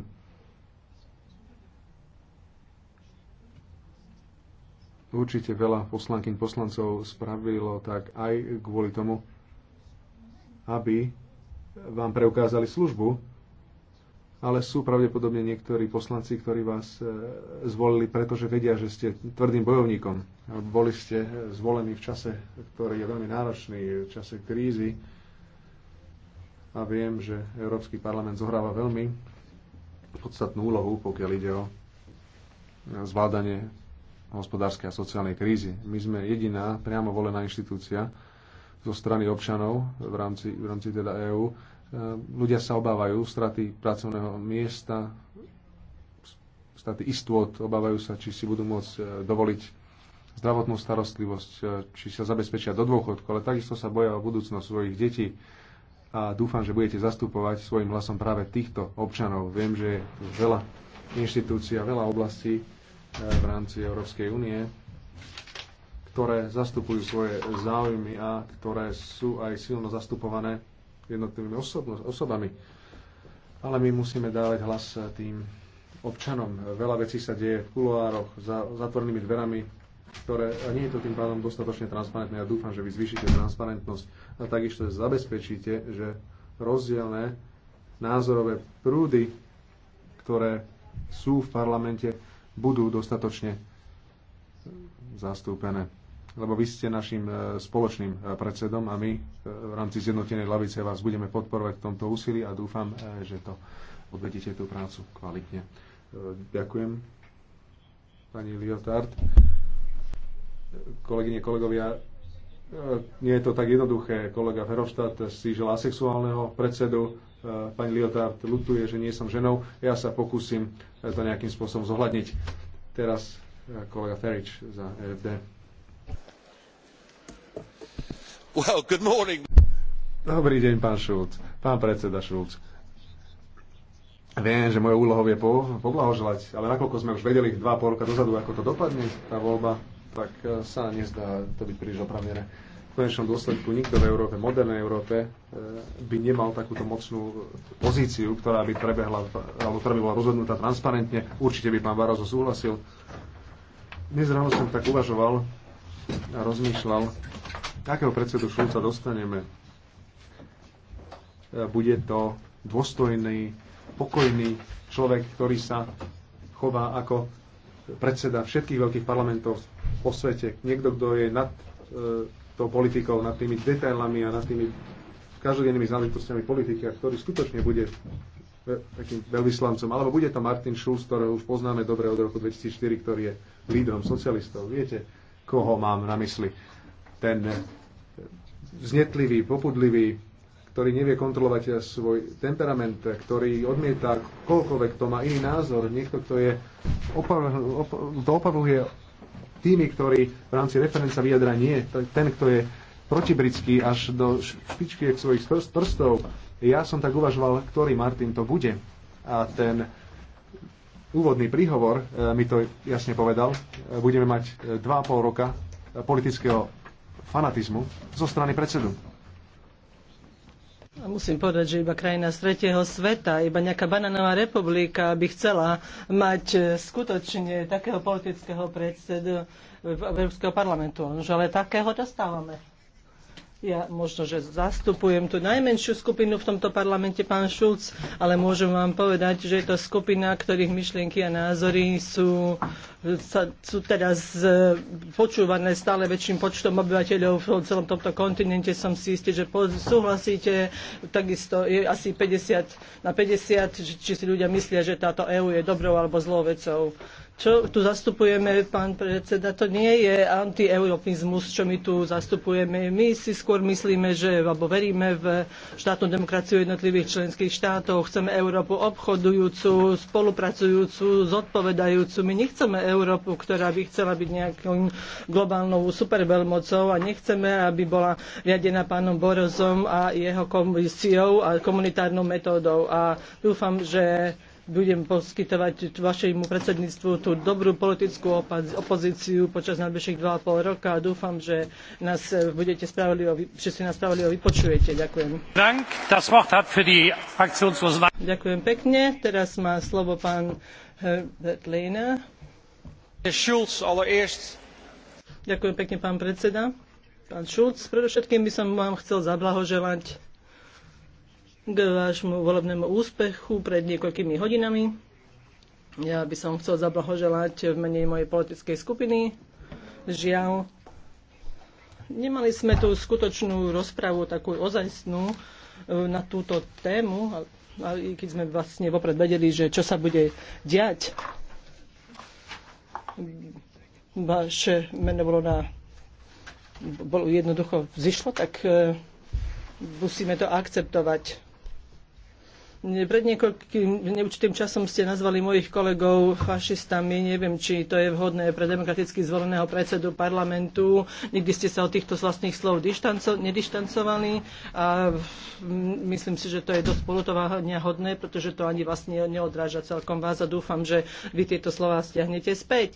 Určite veľa poslankyň poslancov spravilo tak aj kvôli tomu, aby vám preukázali službu, ale sú pravdepodobne niektorí poslanci, ktorí vás eh, zvolili, pretože vedia, že ste tvrdým bojovníkom. Boli ste zvolení v čase, ktorý je veľmi náročný, v čase krízy a viem, že Európsky parlament zohráva veľmi podstatnú úlohu, pokiaľ ide o zvládanie hospodárskej a sociálnej krízy. My sme jediná priamo volená inštitúcia zo strany občanov v rámci, v rámci teda EÚ. Ľudia sa obávajú straty pracovného miesta, straty istôt, obávajú sa, či si budú môcť dovoliť zdravotnú starostlivosť, e, či sa zabezpečia do dôchodku, ale takisto sa boja o budúcnosť svojich detí a dúfam, že budete zastupovať svojim hlasom práve týchto občanov. Viem, že je veľa inštitúcií a veľa oblastí e, v rámci Európskej únie, ktoré zastupujú svoje záujmy a ktoré sú aj silno zastupované jednotlivými osobami. Ale my musíme dávať hlas tým občanom. Veľa vecí sa deje v kuloároch, za zatvorenými dverami ktoré nie je to tým pádom dostatočne transparentné. Ja dúfam, že vy zvýšite transparentnosť a takisto zabezpečíte, že rozdielne názorové prúdy, ktoré sú v parlamente, budú dostatočne zastúpené. Lebo vy ste našim e, spoločným e, predsedom a my e, v rámci zjednotenej lavice vás budeme podporovať v tomto úsilí a dúfam, že to odvedíte tú prácu kvalitne. Ďakujem. Pani Liotard. Kolegyne, kolegovia, e, nie je to tak jednoduché. Kolega Verhofstadt si želá sexuálneho predsedu, e, pani Lyotard lutuje, že nie som ženou. Ja sa pokúsim to nejakým spôsobom zohľadniť. Teraz e, kolega Ferič za FD. Well, good morning. Dobrý deň, pán Šulc. Pán predseda Šulc. Viem, že moje úlohou je po, poblahoželať, ale nakoľko sme už vedeli dva pol roka dozadu, ako to dopadne, tá voľba, tak e, sa nezdá to byť príliš opravnené. V konečnom dôsledku nikto v Európe, modernej Európe, e, by nemal takúto mocnú pozíciu, ktorá by prebehla, alebo ktorá by bola rozhodnutá transparentne. Určite by pán Barozo súhlasil. Dnes ráno som tak uvažoval a rozmýšľal, akého predsedu Šulca dostaneme. E, bude to dôstojný, pokojný človek, ktorý sa chová ako predseda všetkých veľkých parlamentov po svete, niekto, kto je nad e, tou politikou, nad tými detailami a nad tými každodennými záležitostiami politiky a ktorý skutočne bude takým veľvyslancom, alebo bude to Martin Schulz, ktorého už poznáme dobre od roku 2004, ktorý je lídrom socialistov. Viete, koho mám na mysli? Ten vznetlivý, popudlivý, ktorý nevie kontrolovať eh, svoj temperament, eh, ktorý odmieta koľkoľvek, kto má iný názor, niekto, kto, je opav, op, tými, ktorí v rámci referenca vyjadra nie, ten, kto je protibritský až do špičky svojich prstov. Ja som tak uvažoval, ktorý Martin to bude. A ten úvodný príhovor eh, mi to jasne povedal. Budeme mať 2,5 roka politického fanatizmu zo strany predsedu. Musím povedať, že iba krajina z tretieho sveta, iba nejaká bananová republika by chcela mať e, skutočne takého politického predsedu Európskeho parlamentu. Nož ale takého dostávame. Ja možno, že zastupujem tú najmenšiu skupinu v tomto parlamente, pán Šulc, ale môžem vám povedať, že je to skupina, ktorých myšlienky a názory sú, sa, sú teda z, počúvané stále väčším počtom obyvateľov v celom tomto kontinente. Som si istý, že súhlasíte. Takisto je asi 50 na 50, či si ľudia myslia, že táto EÚ je dobrou alebo zlou vecou čo tu zastupujeme, pán predseda, to nie je antieuropizmus, čo my tu zastupujeme. My si skôr myslíme, že, alebo veríme v štátnu demokraciu jednotlivých členských štátov. Chceme Európu obchodujúcu, spolupracujúcu, zodpovedajúcu. My nechceme Európu, ktorá by chcela byť nejakou globálnou superveľmocou a nechceme, aby bola riadená pánom Borozom a jeho komisiou a komunitárnou metódou. A dúfam, že budem poskytovať vašemu predsedníctvu tú dobrú politickú opozíciu počas najbližších 2,5 roka a dúfam, že, nás eh, budete spravili, že si nás spravili vypočujete. Ďakujem. Ďakujem pekne. Teraz má slovo pán Herbert Lehner. Ďakujem pekne, pán predseda. Pán Schulz, predovšetkým by som vám chcel zablahoželať k vášmu volebnému úspechu pred niekoľkými hodinami. Ja by som chcel zablahoželať v mene mojej politickej skupiny. Žiaľ, nemali sme tu skutočnú rozpravu, takú ozajstnú eh, na túto tému, ale keď sme vlastne vopred vedeli, že čo sa bude diať. Vaše meno bolo na bolo jednoducho zišlo, tak eh, musíme to akceptovať. Pred niekoľkým neurčitým časom ste nazvali mojich kolegov fašistami. Neviem, či to je vhodné pre demokraticky zvoleného predsedu parlamentu. Nikdy ste sa od týchto vlastných slov dištanco- nedištancovali a myslím si, že to je dosť polutovania hodné, pretože to ani vlastne neodráža celkom vás a dúfam, že vy tieto slova stiahnete späť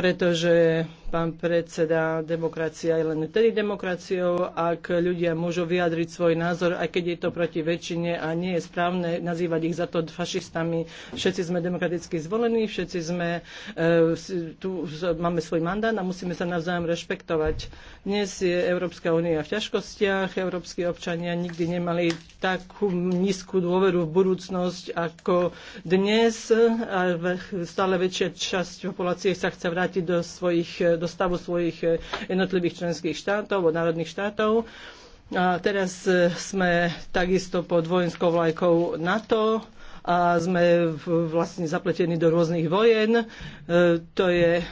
pretože pán predseda, demokracia je len tedy demokraciou, ak ľudia môžu vyjadriť svoj názor, aj keď je to proti väčšine a nie je správne nazývať ich za to fašistami. Všetci sme demokraticky zvolení, všetci sme, e, tu máme svoj mandát a musíme sa navzájom rešpektovať. Dnes je Európska únia v ťažkostiach, európsky občania nikdy nemali takú nízku dôveru v budúcnosť ako dnes a stále väčšia časť populácie sa chce vrátiť vrátiť do, svojich, e, do stavu svojich e, jednotlivých členských štátov, od národných štátov. A teraz e, sme takisto pod vojenskou vlajkou NATO a sme vlastne zapletení do rôznych vojen. To je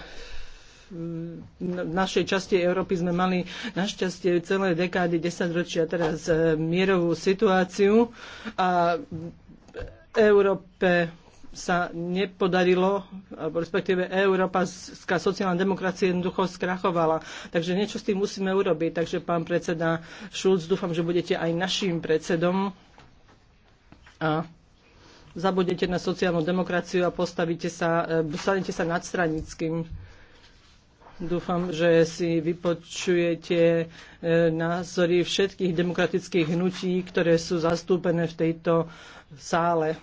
v našej časti Európy sme mali našťastie celé dekády, desaťročia teraz mierovú situáciu a Európe sa nepodarilo, alebo respektíve európska sociálna demokracia jednoducho skrachovala. Takže niečo s tým musíme urobiť. Takže pán predseda Šulc, dúfam, že budete aj našim predsedom a zabudnete na sociálnu demokraciu a postavíte sa, e, stanete sa nadstranickým. Dúfam, že si vypočujete e, názory všetkých demokratických hnutí, ktoré sú zastúpené v tejto sále.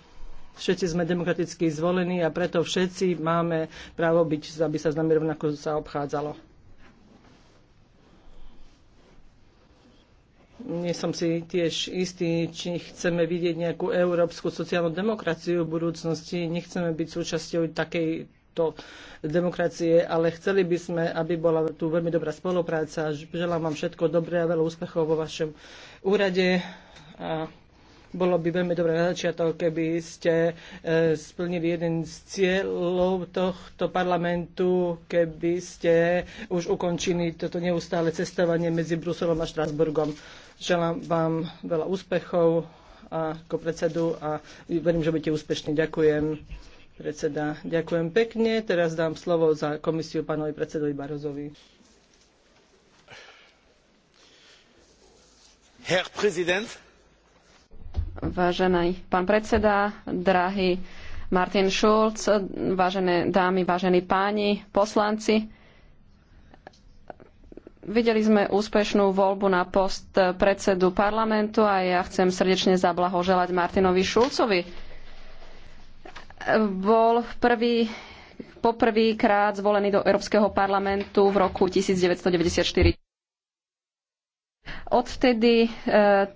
Všetci sme demokraticky zvolení a preto všetci máme právo byť, aby sa s nami rovnako sa obchádzalo. Nie som si tiež istý, či chceme vidieť nejakú európsku sociálnu demokraciu v budúcnosti. Nechceme byť súčasťou takej to demokracie, ale chceli by sme, aby bola tu veľmi dobrá spolupráca. Želám vám všetko dobré a veľa úspechov vo vašom úrade. A bolo by veľmi dobré na začiatok, keby ste e, splnili jeden z cieľov tohto parlamentu, keby ste už ukončili toto neustále cestovanie medzi Bruselom a Štrasburgom. Želám vám veľa úspechov a ako predsedu a verím, že budete úspešní. Ďakujem. Predseda, ďakujem pekne. Teraz dám slovo za komisiu pánovi predsedovi Barozovi. Herr Präsident, Vážený pán predseda, drahý Martin Schulz, vážené dámy, vážení páni, poslanci. Videli sme úspešnú voľbu na post predsedu parlamentu a ja chcem srdečne zablahoželať Martinovi Šulcovi. Bol prvý poprvýkrát zvolený do Európskeho parlamentu v roku 1994. Odvtedy e,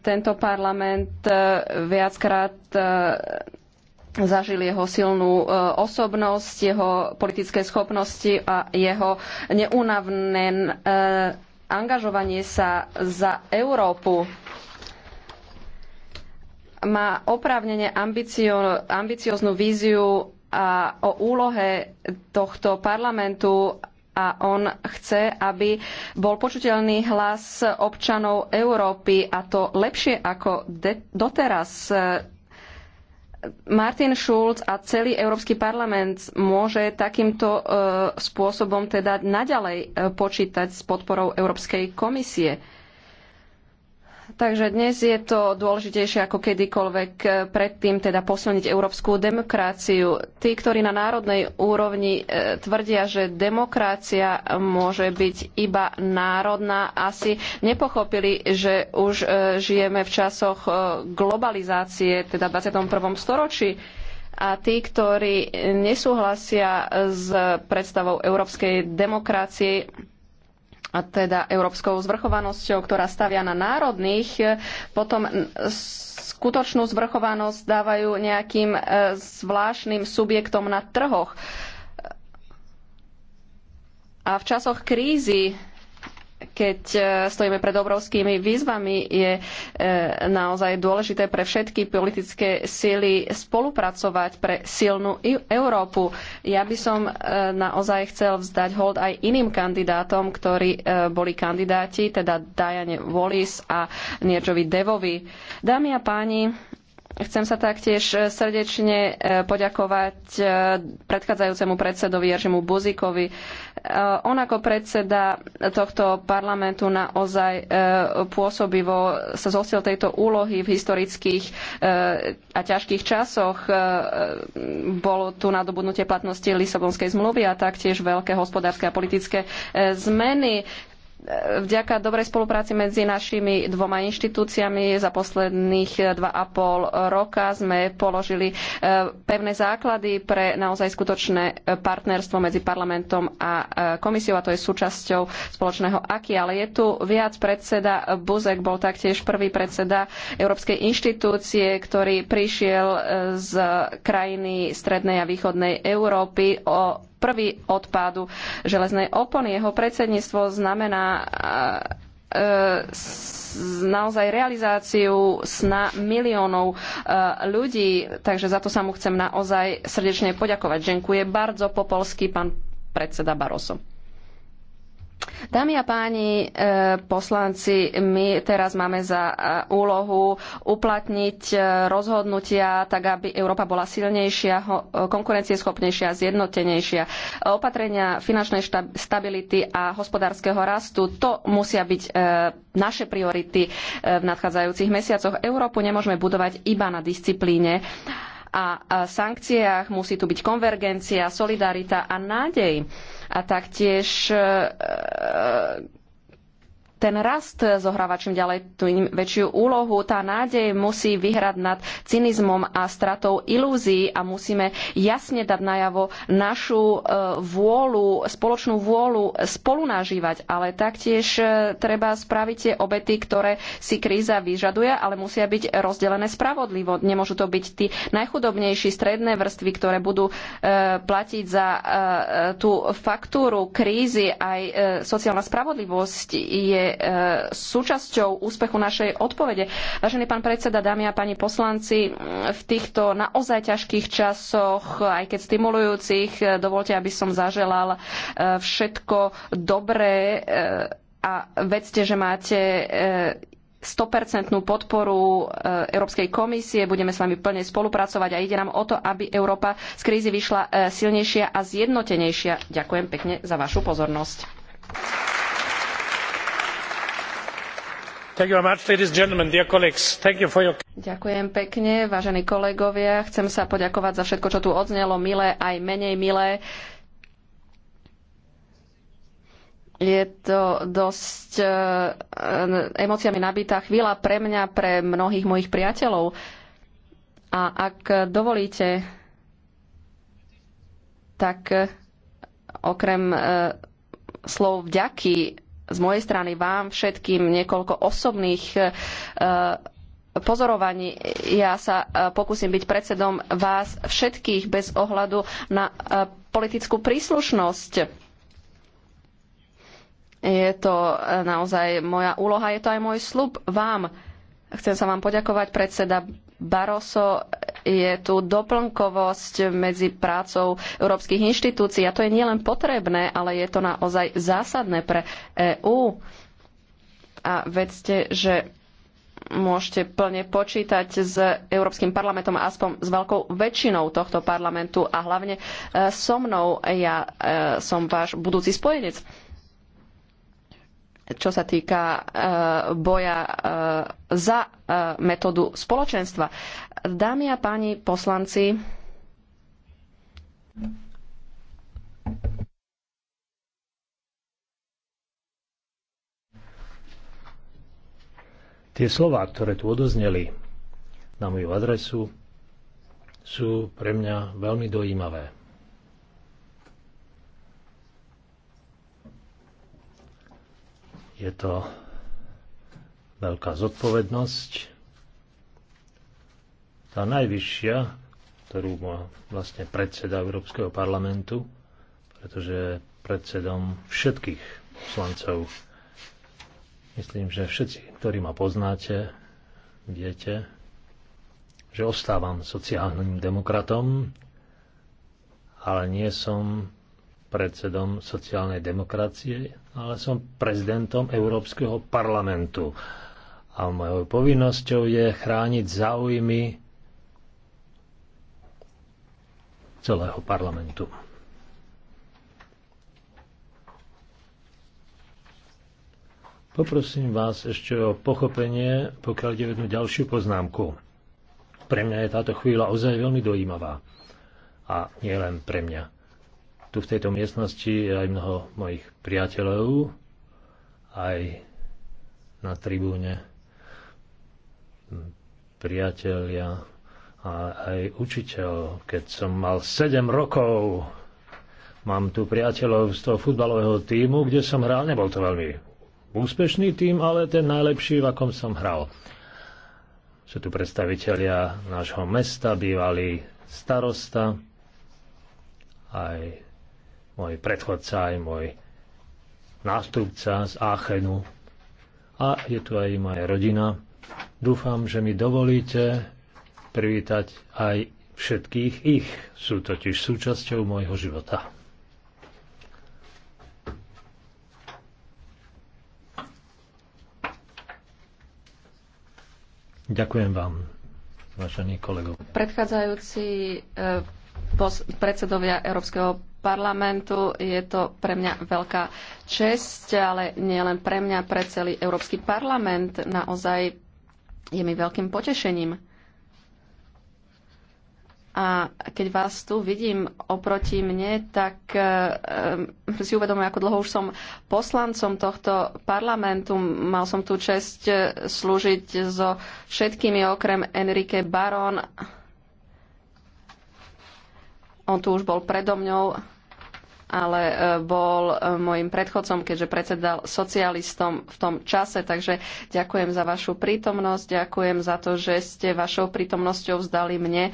tento parlament e, viackrát e, zažil jeho silnú osobnosť, jeho politické schopnosti a jeho e, angažovanie sa za Európu má oprávnene ambicio, ambicioznú víziu a o úlohe tohto parlamentu a on chce, aby bol počuteľný hlas občanov Európy a to lepšie ako doteraz. Martin Schulz a celý Európsky parlament môže takýmto e, spôsobom teda naďalej e, počítať s podporou Európskej komisie. Takže dnes je to dôležitejšie ako kedykoľvek eh, predtým, teda posilniť európsku demokraciu. Tí, ktorí na národnej úrovni eh, tvrdia, že demokracia môže byť iba národná, asi nepochopili, že už eh, žijeme v časoch globalizácie, teda v 21. storočí a tí, ktorí nesúhlasia s predstavou európskej demokracie, a teda európskou zvrchovanosťou, ktorá stavia na národných, e, potom skutočnú zvrchovanosť dávajú nejakým e, zvláštnym subjektom na trhoch. A v časoch krízy keď e, stojíme pred obrovskými výzvami, je e, naozaj dôležité pre všetky politické síly spolupracovať pre silnú e- Európu. Ja by som naozaj chcel vzdať hold aj iným kandidátom, ktorí boli kandidáti, teda Diane Wallis a Niečovi Devovi. Dámy a páni, Chcem sa taktiež e, srdečne e, poďakovať e, predchádzajúcemu predsedovi Jeržimu Buzikovi. On ako predseda tohto parlamentu naozaj pôsobivo sa zostil tejto úlohy v historických a ťažkých časoch. Bolo tu nadobudnutie platnosti Lisabonskej zmluvy a taktiež veľké hospodárske a politické zmeny vďaka dobrej spolupráci medzi našimi dvoma inštitúciami za posledných dva a pol roka sme položili e, pevné základy pre naozaj skutočné partnerstvo medzi parlamentom a e, komisiou a to je súčasťou spoločného AKI. Ale je tu viac predseda Buzek, bol taktiež prvý predseda Európskej inštitúcie, ktorý prišiel e, z krajiny Strednej a Východnej Európy o prvý odpadu železnej opony. Jeho predsedníctvo znamená e, e, naozaj realizáciu sna miliónov e, ľudí. Takže za to sa mu chcem naozaj srdečne poďakovať. Ďakujem bardzo po polsky, pán predseda Barroso. Dámy a páni e, poslanci, my teraz máme za e, úlohu uplatniť e, rozhodnutia tak, aby Európa bola silnejšia, konkurencieschopnejšia, zjednotenejšia. Opatrenia finančnej stability a hospodárskeho rastu, to musia byť naše priority v nadchádzajúcich mesiacoch. Európu nemôžeme budovať iba na disciplíne a sankciách musí tu byť konvergencia, solidarita a nádej a taktiež e, e, ten rast zohráva čím ďalej tú väčšiu úlohu. Tá nádej musí vyhrať nad cynizmom a stratou ilúzií a musíme jasne dať najavo našu e, vôľu, spoločnú vôľu spolunažívať, ale taktiež e, treba spraviť tie obety, ktoré si kríza vyžaduje, ale musia byť rozdelené spravodlivo. Nemôžu to byť tí najchudobnejší stredné vrstvy, ktoré budú e, platiť za tú faktúru krízy. Aj sociálna spravodlivosť je E, súčasťou úspechu našej odpovede. Vážený pán predseda, dámy a pani poslanci, v týchto naozaj ťažkých časoch, aj keď stimulujúcich, e, dovolte, aby som zaželal e, všetko dobré a vedzte, že máte 100% podporu Európskej komisie, budeme s vami plne spolupracovať a ide nám o to, aby Európa z krízy vyšla silnejšia a zjednotenejšia. Ďakujem pekne za vašu pozornosť. Ďakujem pekne, vážení kolegovia. Chcem sa poďakovať za všetko, čo tu odznelo, milé aj menej milé. Je to dosť e, e, emóciami nabitá chvíľa pre mňa, pre mnohých mojich priateľov. A ak dovolíte, tak okrem e, slov vďaky z mojej strany vám všetkým niekoľko osobných e, pozorovaní. Ja sa e, pokúsim byť predsedom vás všetkých bez ohľadu na e, politickú príslušnosť. Je to naozaj moja úloha, je to aj môj slub vám. Chcem sa vám poďakovať, predseda Barroso je tu doplnkovosť medzi prácou európskych inštitúcií a to je nielen potrebné, ale je to naozaj zásadné pre EÚ. A vedzte, že môžete plne počítať s Európskym parlamentom aspoň s veľkou väčšinou tohto parlamentu a hlavne e, so mnou. Ja e, som váš budúci spojenec čo sa týka eh, boja eh, za eh, metódu spoločenstva. Dámy a páni poslanci, Tie slova, ktoré tu odozneli na moju adresu, sú pre mňa veľmi dojímavé. Je to veľká zodpovednosť, tá najvyššia, ktorú má vlastne predseda Európskeho parlamentu, pretože predsedom všetkých poslancov. Myslím, že všetci, ktorí ma poznáte, viete, že ostávam sociálnym demokratom, ale nie som predsedom sociálnej demokracie, ale som prezidentom Európskeho parlamentu. A mojou povinnosťou je chrániť záujmy celého parlamentu. Poprosím vás ešte o pochopenie, pokiaľ ide jednu ďalšiu poznámku. Pre mňa je táto chvíľa ozaj veľmi dojímavá. A nie len pre mňa tu v tejto miestnosti je aj mnoho mojich priateľov, aj na tribúne priatelia a aj učiteľ. Keď som mal 7 rokov, mám tu priateľov z toho futbalového týmu, kde som hral. Nebol to veľmi úspešný tým, ale ten najlepší, v akom som hral. Sú tu predstavitelia nášho mesta, bývalý starosta, aj môj predchodca aj môj nástupca z Aachenu a je tu aj moja rodina. Dúfam, že mi dovolíte privítať aj všetkých ich. Sú totiž súčasťou môjho života. Ďakujem vám, vážení kolegov. Predchádzajúci eh, pos- predsedovia Európskeho parlamentu. Je to pre mňa veľká česť, ale nie len pre mňa, pre celý Európsky parlament. Naozaj je mi veľkým potešením. A keď vás tu vidím oproti mne, tak e, si uvedomujem, ako dlho už som poslancom tohto parlamentu. Mal som tú čest eh, slúžiť so všetkými, okrem Enrique Baron, on tu už bol predo mňou, ale e, bol e, môjim predchodcom, keďže predsedal socialistom v tom čase. Takže ďakujem za vašu prítomnosť, ďakujem za to, že ste vašou prítomnosťou vzdali mne e,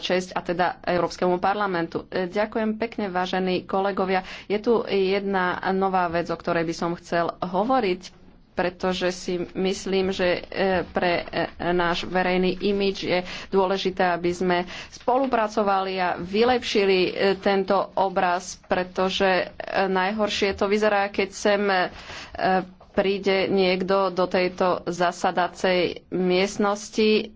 česť a teda Európskemu parlamentu. Ďakujem pekne, vážení kolegovia. Je tu jedna nová vec, o ktorej by som chcel hovoriť pretože si myslím, že e, pre e, náš verejný imič je dôležité, aby sme spolupracovali a vylepšili e, tento obraz, pretože najhoršie to vyzerá, keď sem príde niekto do tejto zasadacej miestnosti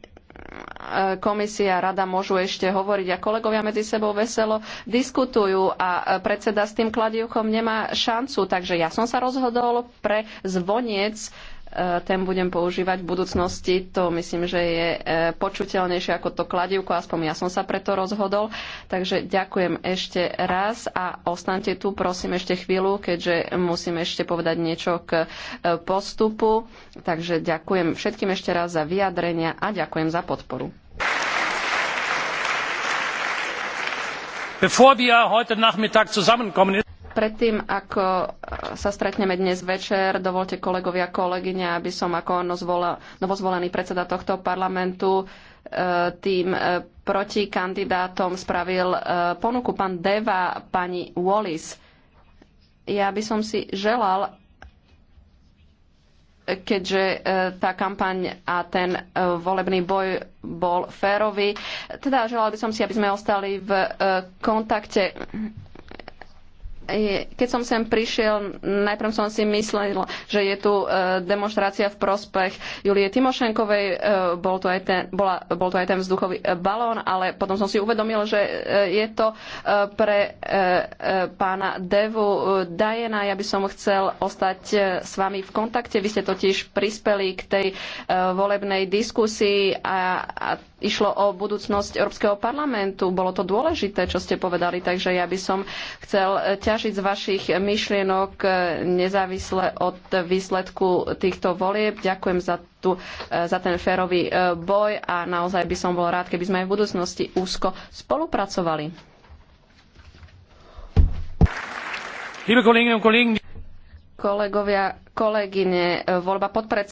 komisia a rada môžu ešte hovoriť a kolegovia medzi sebou veselo diskutujú a predseda s tým kladivkom nemá šancu. Takže ja som sa rozhodol pre zvoniec E, ten budem používať v budúcnosti. To myslím, že je e, počuteľnejšie ako to kladivko, aspoň ja som sa preto rozhodol. Takže ďakujem ešte raz a ostante tu, prosím, ešte chvíľu, keďže musím ešte povedať niečo k e, postupu. Takže ďakujem všetkým ešte raz za vyjadrenia a ďakujem za podporu. Bevor wir heute Nachmittag zusammenkommen, Predtým, ako e, sa stretneme dnes večer, dovolte kolegovia a kolegyne, aby som ako novozvolený predseda tohto parlamentu e, tým e, proti kandidátom spravil ponuku pán Deva, pani Wallis. Ja by som si želal, keďže tá kampaň a ten volebný boj bol férový. Teda želal by som si, aby sme ostali v kontakte E, keď som sem prišiel, najprv som si myslel, že je tu e, demonstrácia v prospech Julie Timošenkovej, e, bol to aj ten, bola, bol to aj ten vzduchový balón, ale potom som si uvedomil, že je to pre pána Devu Dajena. Ja by som chcel ostať s vami v kontakte. Vy ste totiž prispeli k tej volebnej diskusii a, a išlo o budúcnosť Európskeho parlamentu. Bolo to dôležité, čo ste povedali, takže ja by som chcel ťažiť z vašich myšlienok eh, nezávisle od výsledku týchto volieb. Ďakujem za, tu, eh, za ten férový eh, boj a naozaj by som bol rád, keby sme aj v budúcnosti úzko spolupracovali. Kolegovia, kolegyne, voľba podpred